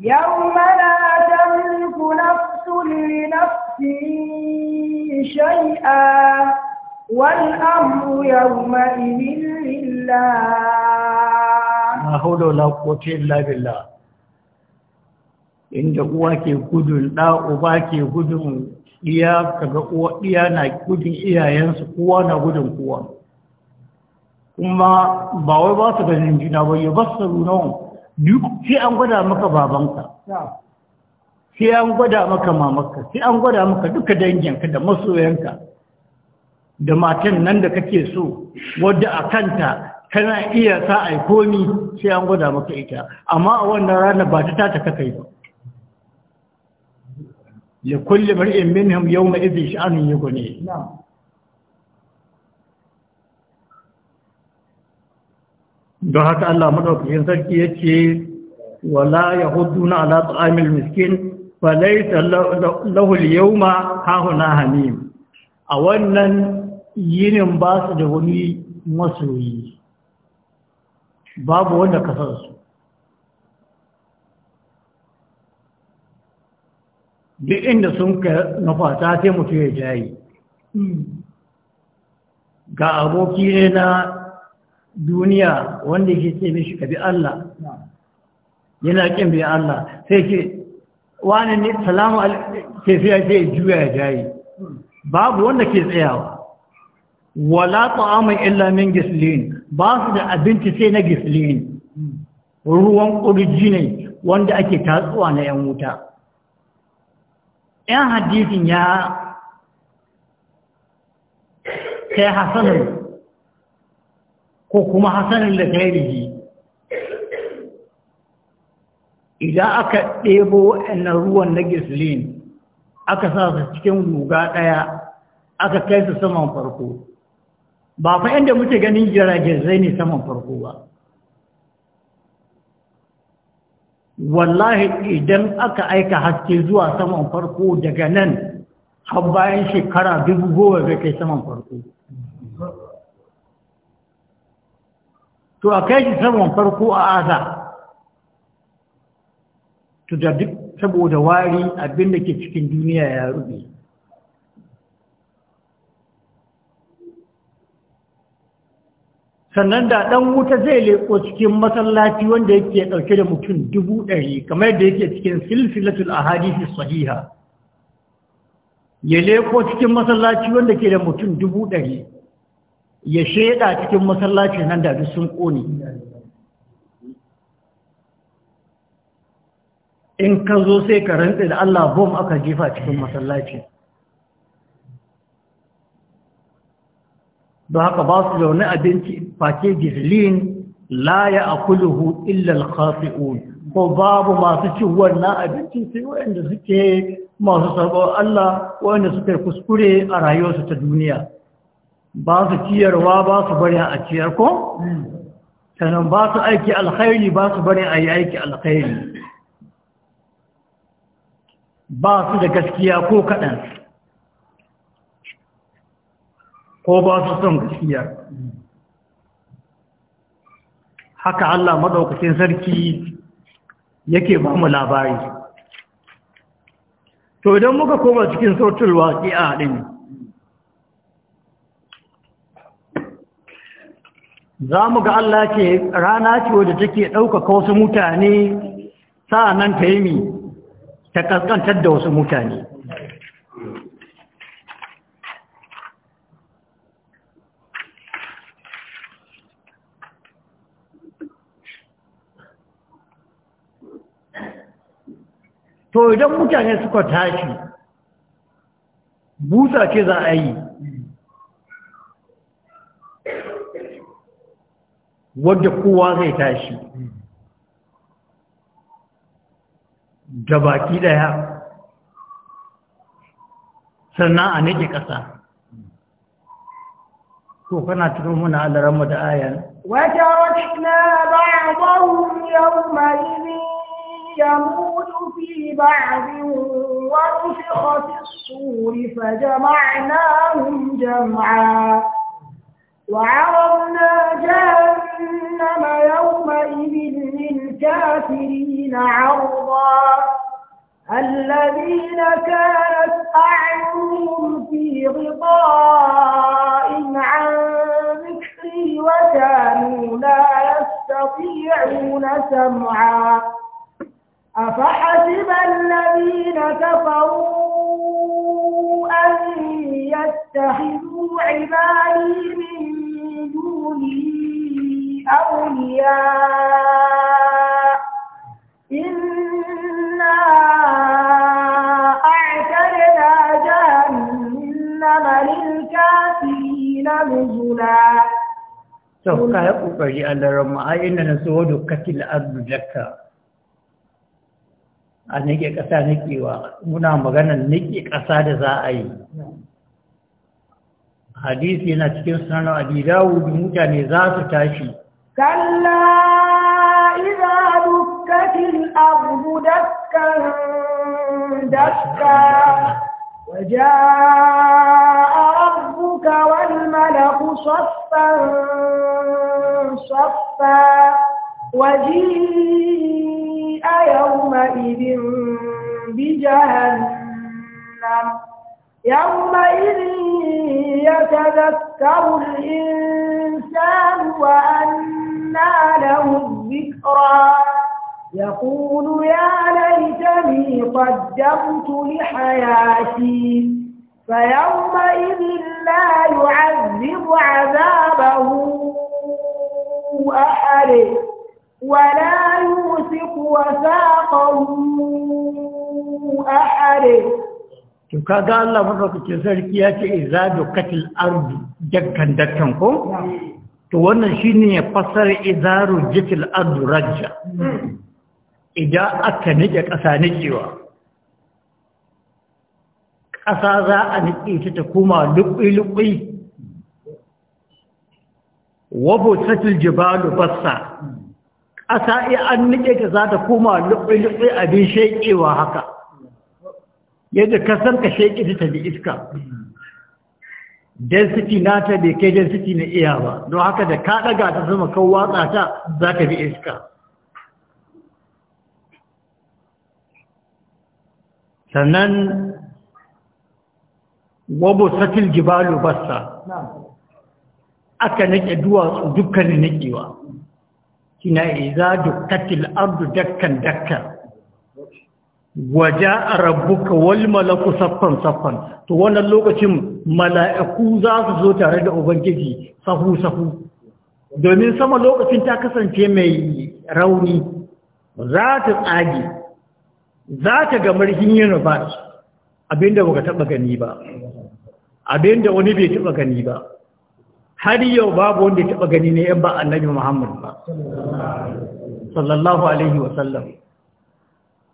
S2: yau mana tamliku nafsi والأمر يومئذ لله
S1: لا حول ولا قوة إلا بالله inda uwa ke gudun ɗa uba ke gudun iya kaga uwa iya na gudun iyayensu kowa na gudun kowa kuma ba wai ba su ganin juna ba ya basaru nawa duk sai an gwada maka babanka sai an gwada maka mamarka sai an gwada maka duka danginka da masoyanka da matan nan da kake so wadda a kanta kana iya sa a komi sai an gwada maka ita amma a wannan ranar ba ta tata ka kai ba ya kulle mar'in minhum yau ma izin yi gune don haka Allah maɗaukakin sarki ya ce wala ya hudu na ala amil miskin falaita lahul yau ma hahuna hamim a wannan yinin ba su da wani masoyi babu wanda kasar su duk inda sun ka nufata sai mutu ya jayi ga aboki ne na duniya wanda ke ce mishi ka bi Allah yana ƙin bi Allah sai ke wani ne salamu alaikum sai sai juya ya jayi babu wanda ke tsayawa wala ta'amun illa min gislin ba su da abinci sai na gislin ruwan kurji ne wanda ake tatsuwa na yan wuta yan hadisin ya kai hasanin ko kuma hasanin da kai idan aka ɗebo na ruwan na gislin aka sa su cikin guga ɗaya aka kai su saman farko ba fa inda muke ganin jiragen zai ne saman farko ba wallahi idan aka aika haske zuwa saman farko daga nan har bayan shekara dubu goma zai kai saman farko to a kai shi saman farko a aza to da duk saboda wari abinda ke cikin duniya ya rubi sannan da ɗan wuta zai leƙo cikin masallaci wanda yake ɗauke da mutum dubu ɗari kamar yadda yake cikin silsilatul a hadisi sahiha ya leƙo cikin masallaci wanda ke da mutum dubu ɗari ya shaida cikin masallacin nan da sun ƙone in ka zo sai ka rantsa da Allah bom aka jefa cikin masallaci don haka ba su da wani abinci face gihlin la ya akuluhu illa al ko babu masu cin wannan abincin sai waɗanda suke masu sabon Allah waɗanda suke kuskure a rayuwarsu ta duniya ba su ciyarwa ba su bari a ciyar ko sannan ba su aiki alkhairi ba su bari a yi aiki alkhairi ba su da gaskiya ko kaɗan ko ba su son gaskiya haka Allah madaukakin sarki yake ba mu labari to idan muka koma cikin sautul waƙi'a ɗin za mu ga Allah ke rana ce wadda take ɗaukaka wasu mutane sa'annan ta yi mi ta kaskantar da wasu mutane to idan mutane suka tashi busa ce za a yi wadda kowa zai tashi da baki daya sannan a nake ƙasa to kana tuno muna alaran da ayan
S2: wata wata na ba a yau mai ya mu بعض ونفخ في الصور فجمعناهم جمعا وعرضنا جهنم يومئذ للكافرين عرضا الذين كانت أعينهم في غطاء عن ذكري وكانوا لا يستطيعون سمعا أفحسب الذين كفروا أن يتخذوا عبادي من دوني أولياء إنا أعتدنا جهنم للكافرين نزلا.
S1: سوف كان يقول أن رمى أين نسود كتل أرض لك a nake ƙasa nakewa muna maganar nake ƙasa da za a yi hadisi yana cikin sunanar abi dawud mutane za su tashi
S2: kalla idza abu ardu daska waje وجاء ربك والملك soffan soffan وجيء يومئذ بجهنم يومئذ يتذكر الإنسان وأنى له الذكرى يقول يا ليتني قدمت لحياتي فيومئذ لا يعذب عذابه أحد ولا يوثق وثاقه أحد
S1: to kaga Allah madaukakin sarki ya ce idza dukatil ardu dakkan dakkan ko to wannan shine ya fasar idza rujitil ardu rajja idan aka nike kasa nikewa kasa za a nike ta ta koma lubi lubi wa busatil jibalu bassa a iya an nike ta za ta koma lukwai abin shaikewa haka
S3: yadda kasar ka
S1: sheƙe ta bi iska density ta bai kai density na iya ba don haka da ka ɗaga ta zama kan watsa ta za ta bi iska sannan wabo satil jibalu Basta, aka nake duwatsu dukkanin nakewa Kina iza dukkatil ardu dakkan dakkan waja rabbuka wal malaku saffan saffan to wannan lokacin mala'iku za su zo tare da ubangiji sahu sahu domin sama lokacin ta kasance mai rauni za ta tsage za ta ga marhin yin rubat abinda baka taba gani ba abinda wani bai taba gani ba har yau babu wanda ya taba gani ne yan ba annabi Muhammad ba sallallahu alaihi wa sallam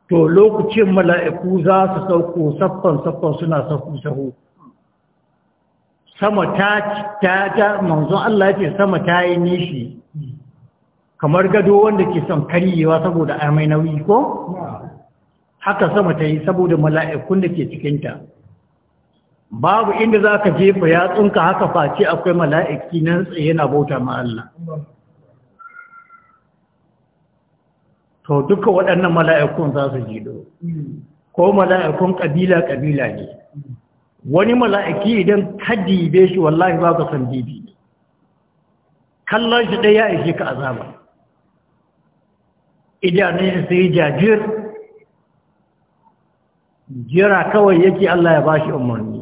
S1: to lokacin mala'iku za su sauko saffan saffan suna sahu sahu sama ta ta ta manzo Allah ce sama ta yi nishi kamar gado wanda ke son karyewa saboda amai nauyi ko haka sama ta yi saboda mala'ikun da ke cikinta babu inda za ka jefa yatsunka haka face akwai mala'iki nan tsaye na bauta ma Allah to duka waɗannan mala'ikun za su jido ko mala'ikun ƙabila-ƙabila ne wani mala'iki idan ka shi wallahi ba ka san dibi kallon shi ɗaya ishe ka azaba idanun sai jajir jira kawai yake Allah ya ba shi umarni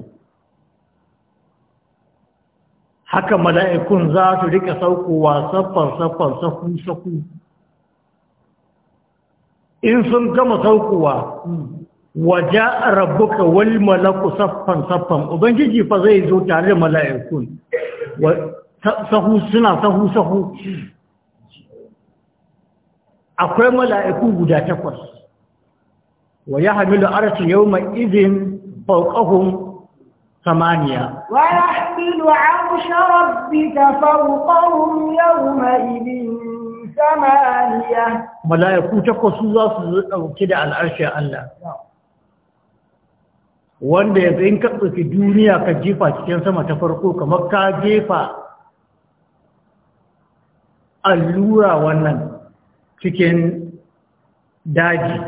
S1: haka mala'ikun za su rika saukowa saffar-saffar-saku-saku in sun gama saukowa waje rabuka wal malaku saffan-saffan ubangiji fa zai zo tare da mala'ikun sahu suna sahu-sahu akwai mala'iku guda takwas wa ya hamilu arashin yau mai izin fauƙahun ثمانية
S2: ويحمل عرش ربك فوقهم يومئذ ثمانيه
S1: ملائكه تكو سوزا كده على العرش الله wanda ya zai ka ɗauki duniya ka jefa cikin sama ta farko kamar ka jefa allura wannan cikin daji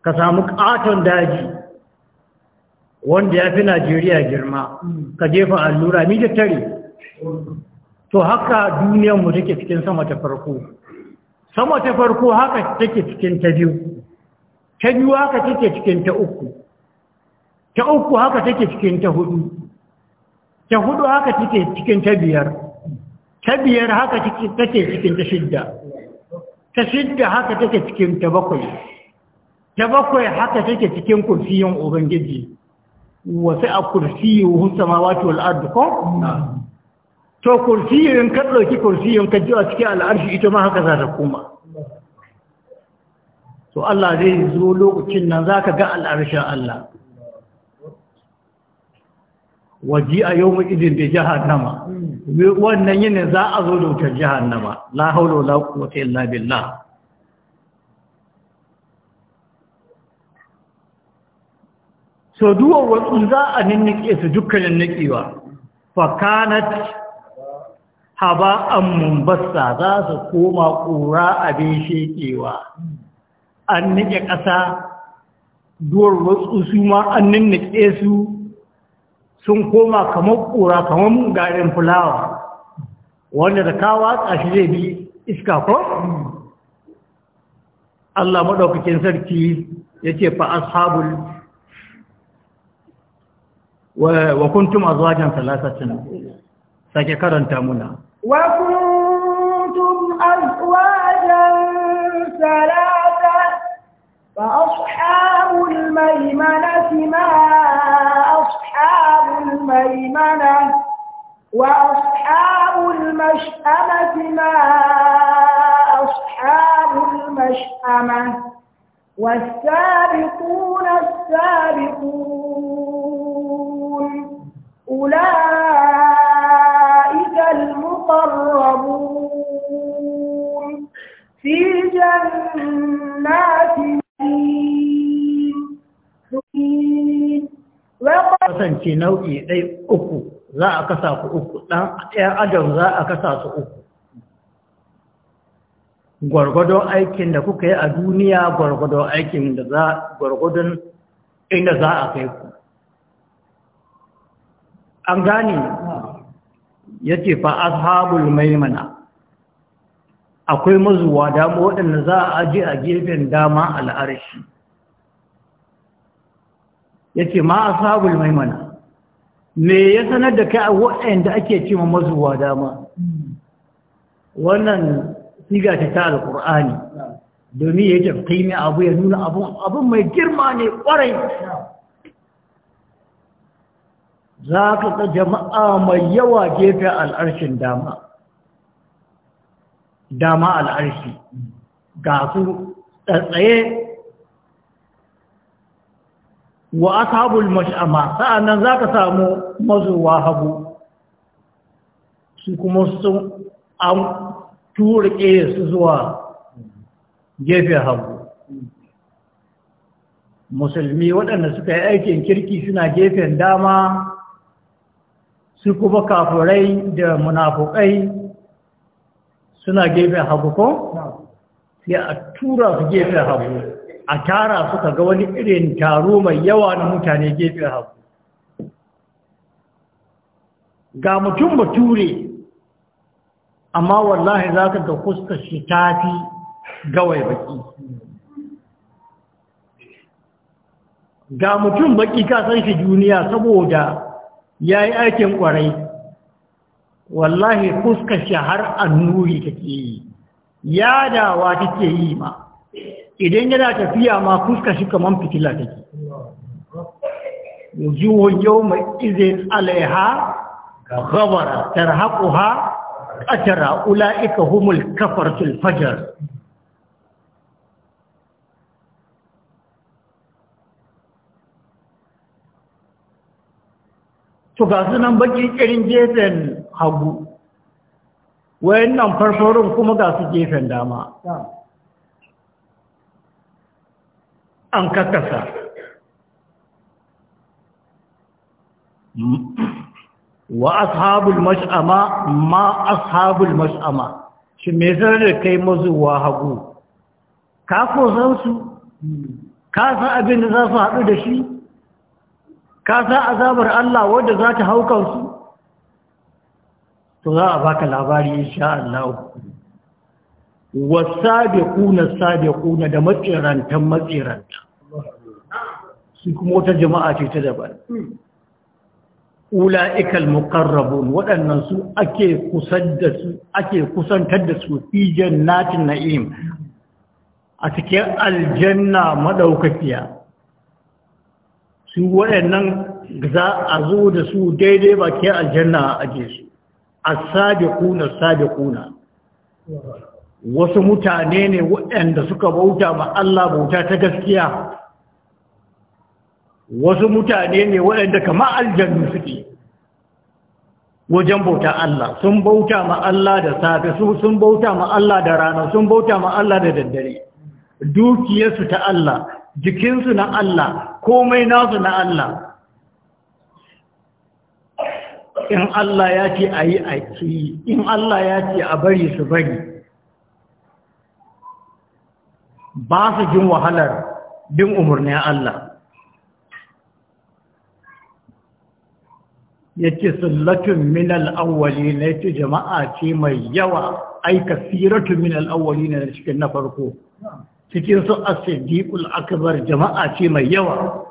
S1: ka samu ƙaton daji wanda ya fi najeriya girma ka jefa allura Ni da tare to haka duniyanmu take cikin sama ta farko sama ta farko haka take cikin ta biyu ta biyu haka take cikin ta uku ta uku haka take cikin ta hudu ta hudu haka take cikin ta biyar ta biyar haka take cikin ta shidda ta shidda haka take cikin ta bakwai ta bakwai haka take cikin kurfiyin ubangiji a وسع كرسيه السماوات والأرض to kursiyin ka ɗauki kursiyin ka ji a cikin al'arshi ita ma haka za ta koma to Allah zai zo lokacin nan za ka ga al'arshin Allah waji a yau idin da jahannama wannan yinin za a zo da wutar jihar jahannama la haula la ta illa billah so duwar wasu za a ninnike su dukkanin nakewa. fakanat an mumbassa za su koma ƙura abin shekewa an nike ƙasa duwar wasu su ma an ninnike su sun koma kamar ƙura kamar garin fulawa wanda da kawa tsashi zai bi iska ko? Allah maɗaukakin sarki ya ce fa ashabul وكنتم أزواجا ثلاثة فككر انتامنا
S2: وكنتم أزواجا ثلاثة فأصحاب الميمنة ما أصحاب الميمنة وأصحاب المشأمة ما أصحاب المشأمة والسابقون السابقون أولئك المقربون في جنات
S1: kasance nau'i ɗai uku za a kasa ku uku ɗan ɗaya adam za a kasa su uku gwargwadon aikin da kuka yi a duniya gwargwadon aikin da za gwargwadon inda za a kai ku an gane yace fa ashabul maimana akwai mazuwa damu waɗanda za a a gefen dama al'arshi yace ma ashabul maimana me ya sanar da kai a waɗanda ake cima mazuwa dama wannan siga ta ta alqur'ani domin yake kimi abu ya nuna abun mai girma ne kwarai za ka ga jama'a mai yawa gefen al'arshin dama dama al'arshi ga su tsatsaye wa ashabul mash'ama sa'annan za ka samu mazuwa hagu su kuma sun an turke su zuwa gefe hagu musulmi waɗanda suka yi aikin kirki suna gefen dama su kuma kafurai da munafukai suna gefen hagu ko? sai a tura su gefen hagu a tara suka ga wani irin taro mai yawa na mutane gefen hagu ga mutum ba ture, amma wallahi za ka ga fuskar shi tafi gawai baki ga mutum baki ka san shi duniya saboda ya yi aikin ƙwarai wallahi fuskar shahar annuri take yi yadawa take yi ma idan yana tafiya ma fuskar shi kamar fitila take wujuhun yau mai izin alaiha gabara tarhaƙuha qatara ulaika humul kafar fajr to ga su nan baki irin gefen hagu wayannan farfarin kuma ga su gefen dama an kakasa wa ashabul mash'ama ma ashabul mash'ama shi me zan da kai mazuwa hagu ka ko zan su ka san abin da za su haɗu da shi ka sa azabar Allah wadda za ta hau to za a baka labari sha Allah wasabiquna sabiquna da matsirantan matsiranta su kuma wata jama'a ce ta daban ula'ikal muqarrabun waɗannan su ake su ake kusantar da su fi jannatin na'im a cikin aljanna madaukakiya su waɗannan za a zo da su daidai ke aljanna a ajiye su A as kuna, as kuna. wasu mutane ne waɗanda suka bauta ma Allah bauta ta gaskiya wasu mutane ne waɗanda kama aljannu suke wajen bauta Allah sun bauta ma Allah da safe sun bauta ma Allah da rana sun bauta ma Allah da daddare dukiyarsu ta Allah jikinsu na Allah komai nasu na Allah in Allah ya ce a yi a yi in Allah ya ce a bari su bari ba su jin wahalar bin umarnin Allah ya ce sallatun minal awwali na ya ce jama'a ce mai yawa aika siratun minal awwali na cikin na farko cikin su as-siddiqul akbar jama'a ce mai yawa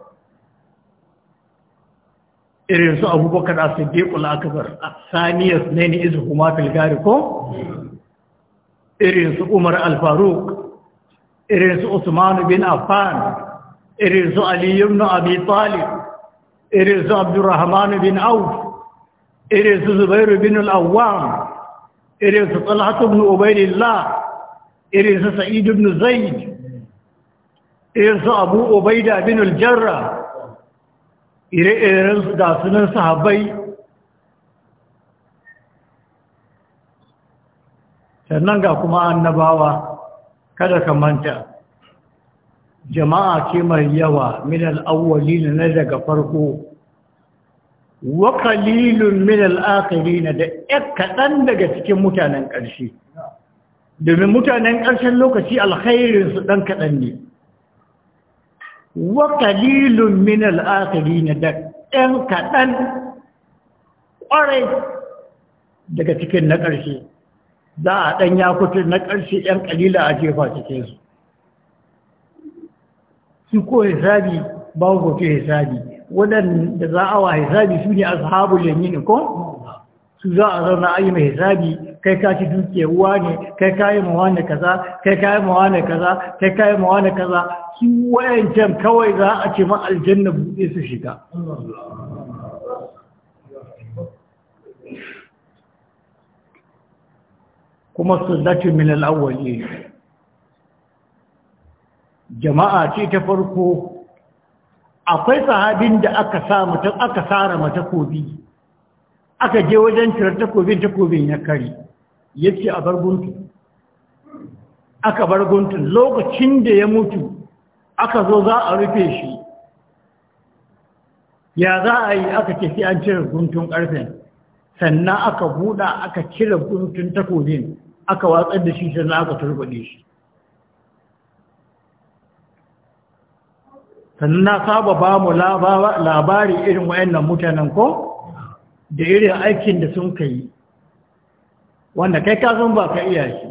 S1: irin su abubakar as-siddiqul akbar as-saniyas ne ne izu kuma fil ko irin su umar al-faruq irin su usman bin affan irin su ali ibn abi talib irin su abdurrahman bin auf irin su zubair bin al-awwam irin su talhat ibn ubaydillah irin su sa'id ibn zaid irin su abu ubaida bin al-jarra ire-iren su da sunan sahabbai sannan ga kuma annabawa kada ka manta jama'a ce mai yawa min al na daga farko wa min al'akari na da kaɗan daga cikin mutanen ƙarshe domin mutanen ƙarshen lokaci alkhairinsu ɗan kaɗan ne wa min al'akari na da ɗan kaɗan ƙwarai daga cikin na ƙarshe za a ɗan ya kutu na ƙarshe ɗan ƙalila a jefa cikin su ko hisabi ba ku hisabi waɗanda za a wa hisabi su ne a yanyi yamin ko su za a zauna yi mai hisabi kai ka ci dukiya uwa ne kai ka yi mawa ne kaza kai ka yi mawa ne kaza kai ka yi mawa ne kaza su wayancan kawai za a ce ma aljanna buɗe su shiga kuma sunnatu min al ne. jama'a ce ta farko akwai sahabin da aka sa mutum aka sara mata kobi aka je wajen tirar takobin takobin ya kare ya ce a bar guntun, aka bar guntun lokacin da ya mutu aka zo za a rufe shi ya za a yi aka tafi an cire guntun ƙarfen sannan aka buɗa aka cire guntun takobin aka watsar da shi sannan aka turbaɗe shi sannan na saba ba mu labari irin wayannan mutanen ko da irin aikin da sun kai wanda kai ka zan ba ka iya shi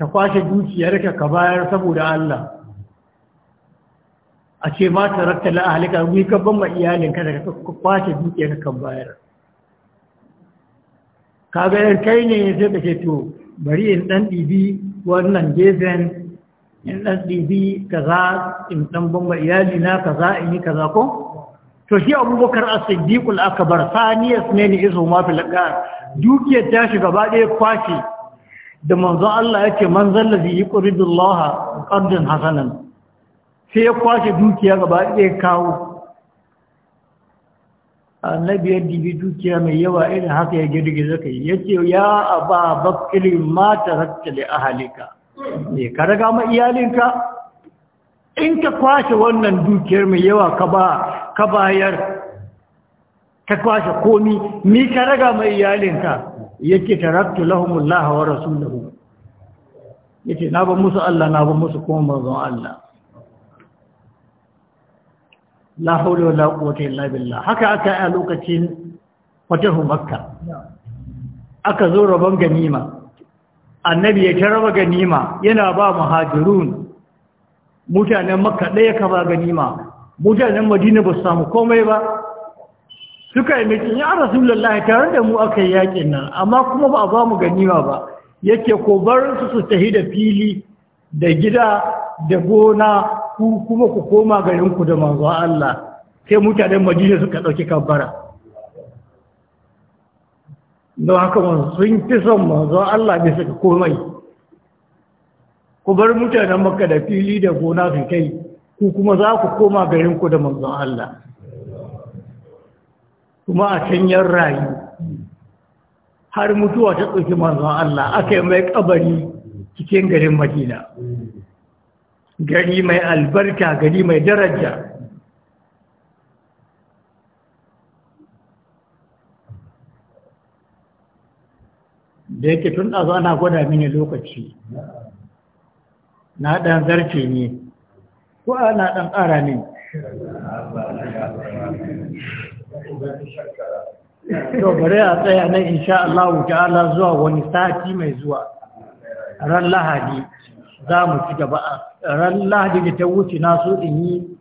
S1: ka kwashe dukiyarka ka bayar saboda Allah a ce ma ta rattala a halika ka ban ma iyalinka daga ka kwashe dukiyarka ka bayar ka gayar kai ne sai ka to bari in dan dibi wannan gefen in dan dibi kaza in dan ban ma na kaza in yi kaza ko to shi abubakar as-siddiqul akbar saniyas ne ne izo ma fil dukiyar ta shi gaba ɗaya kwashi da manzon Allah yake man zallazi yuqridullaha qardan hasanan sai ya kwashe dukiya gaba ɗaya kawo annabi ya dibi dukiya mai yawa irin haka ya girgiza kai yace ya aba bakri ma tarakta li ahlika me ka raga ma iyalinka in ka kwashe wannan dukiyar mai yawa ka bayar ka kwashe komi ni ka raga mai iyalinka yake taraktu lahumullaha wa rasuluhu yake na ban musu Allah na ban musu kuma manzon Allah la haula wala quwwata illa billah haka aka yi a lokacin fatahu makka aka zo rabon ganima annabi ya ta raba ganima yana ba muhajirun mutanen makka ɗaya ka ba ganima mutanen madina ba su samu komai ba suka yi mitin ya rasulullahi tare da mu aka yi yakin nan amma kuma ba a ba mu ganima ba yake ko barin su su da fili da gida da gona ku kuma ku koma ga yanku da manzo Allah sai mutanen madina suka ɗauki kabbara don haka sun fi son manzo Allah bai bisa komai ku bar mutanen makka da fili da gona su kai ku kuma za ku koma garinku da manzon Allah kuma a can yan rayu har mutuwa ta tsoki manzon Allah aka yi mai kabari cikin garin Madina gari mai albarka gari mai daraja da yake tun ɗazu ana gwada mini lokaci na ɗan zarce ne ko ana ɗan ƙara ne
S3: to bari a tsaya na
S1: insha Allah ta'ala zuwa wani sati mai zuwa ran lahadi za mu ci gaba ran lahadi da ta wuce na so in yi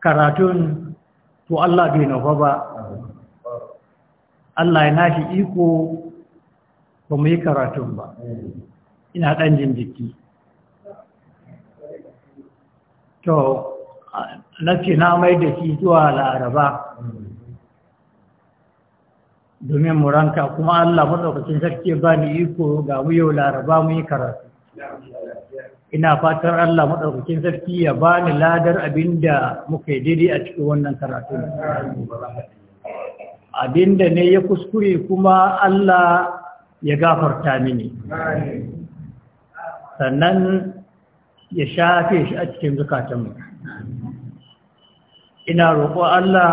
S1: karatun to Allah bai nufa ba Allah ya nashi iko ba mu yi karatun ba ina ɗan jin to na ce na mai da shi zuwa laraba domin mu ranka kuma Allah maɗaukacin sarki ba ni iko ga mu yau laraba mu yi karatu
S3: ina fatar
S1: Allah maɗaukacin sarki ya ba ni ladar abinda muka yi daidai a cikin wannan karatu abinda ne ya kuskure kuma Allah ya gafarta mini sannan ya shafe shi a cikin zukatanmu ina roƙo Allah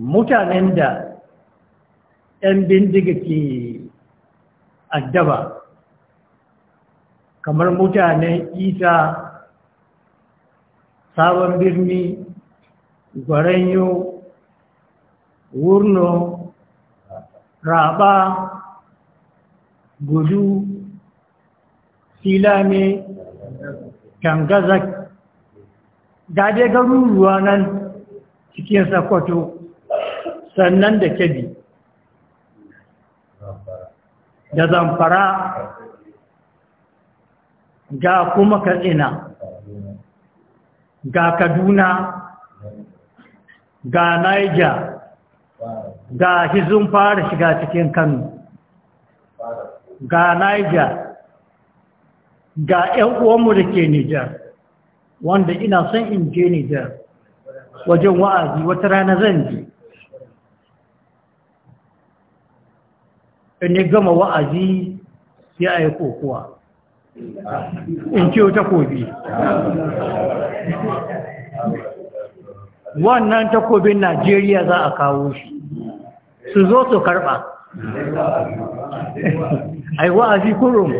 S1: mutanen da 'yan bindiga ke addaba kamar mutanen isa sabon birni gwaranyo wurno raba gudu tila ne da dai garuruwa nan cikin sakwato sannan da kebi da zamfara ga kuma katsina ga kaduna ga naija ga shi fara shiga cikin kano ga naija ga 'yan da ke Nijar wanda ina son in je Nijar wajen wa'azi wata rana zan je in gama wa'azi ya yi kokowa
S3: in ciyo takobi
S1: wannan takobin Najeriya za a kawo shi su zo su karɓa ai wa'azi kurum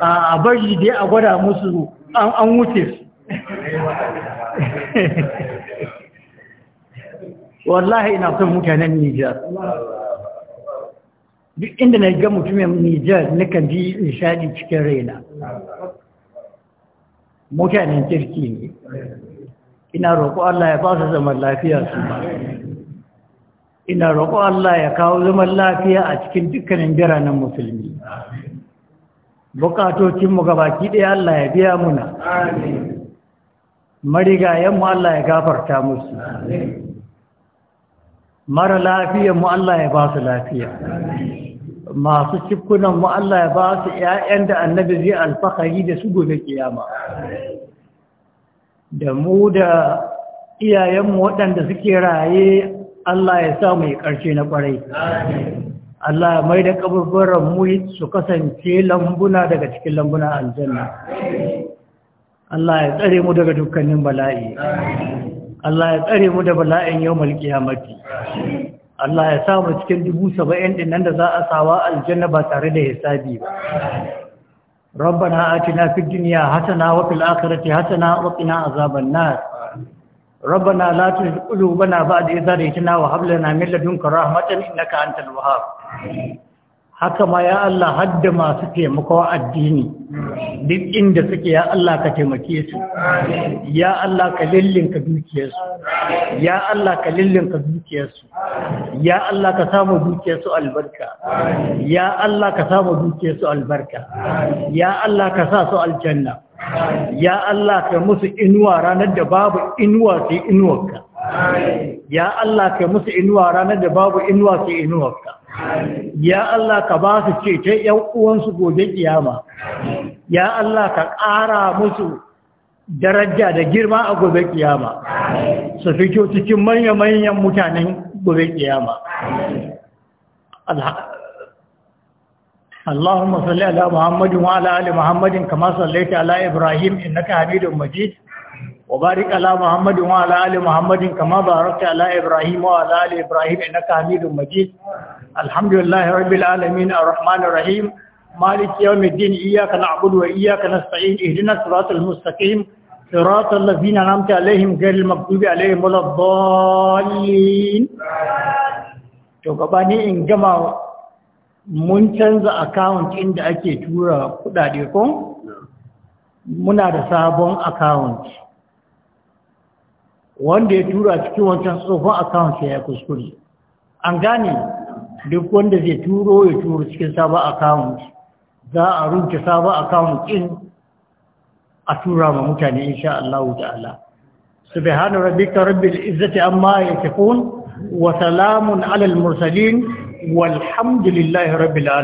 S1: a bari dai a gwada musu an wuce wallahi ina son mutanen Nijar duk inda na ga mutumin Nijar kan ji nishadi cikin raina mutanen kirki ne ina roƙo Allah ya ba su zaman lafiya su ba ina roƙo Allah ya kawo zaman lafiya a cikin dukkanin biranen musulmi bukatocinmu gabaki ɗaya Allah ya biya muna marigayenmu Allah ya gafarta musu mara lafiyanmu Allah ya ba su lafiya masu cikunanmu Allah ya ba su ‘ya'yan da annabi zai alfahari da su gobe kiyama da mu da iyayenmu waɗanda suke raye Allah ya sa mai ƙarshe na ƙwarai Allah mai da kaburburan mu su kasance lambuna daga cikin lambuna aljanna Allah ya tsare mu daga dukkanin bala'i Allah ya tsare mu da bala'in yau yawmal mafi. Allah ya sa mu cikin dubu saba'in din nan da za a sawa aljanna ba tare da hisabi ba fid dunya hasana wa fil akhirati hasana wa qina azaban nar. ربنا لا تزغ قلوبنا بعد إذ هديتنا وهب لنا من لدنك رحمة إنك أنت الوهاب haka ma ya Allah hadda masu taimakawa addini duk inda suke ya Allah ka taimake su ya Allah ka lillinka dukiyarsu ya Allah ka lillinka dukiyarsu ya Allah ka samu dukiyarsu albarka ya Allah ka samu dukiyarsu albarka ya Allah ka sa su aljanna ya Allah ka musu inuwa ranar da babu inuwa sai inuwarka ya Allah ka musu inuwa ranar da babu inuwa sai inuwarka ya Allah ka ba su cece ‘yan uwansu gobe kiyama ya Allah ka ƙara musu daraja da girma a gobe kiyama su fito cikin manya-manyan mutanen gobe kiyama اللهم صل على محمد وعلى ال محمد كما صليت على ابراهيم انك حميد مجيد وبارك على محمد وعلى ال محمد كما باركت على ابراهيم وعلى ال ابراهيم انك حميد مجيد الحمد لله رب العالمين الرحمن الرحيم مالك يوم الدين اياك نعبد واياك نستعين اهدنا الصراط المستقيم صراط الذين انعمت عليهم غير المغضوب عليهم ولا الضالين to gabani in gama mun canza account inda ake tura kudade ko muna da sabon account wanda ya tura cikin wancan tsohon account ya kuskure an gane duk wanda zai turo ya turo cikin sabon account za a rubuta sabon account din a tura ma mutane insha Allah ta'ala subhana rabbil izzati amma yasifun wa salamun alal mursalin والحمد لله رب العالمين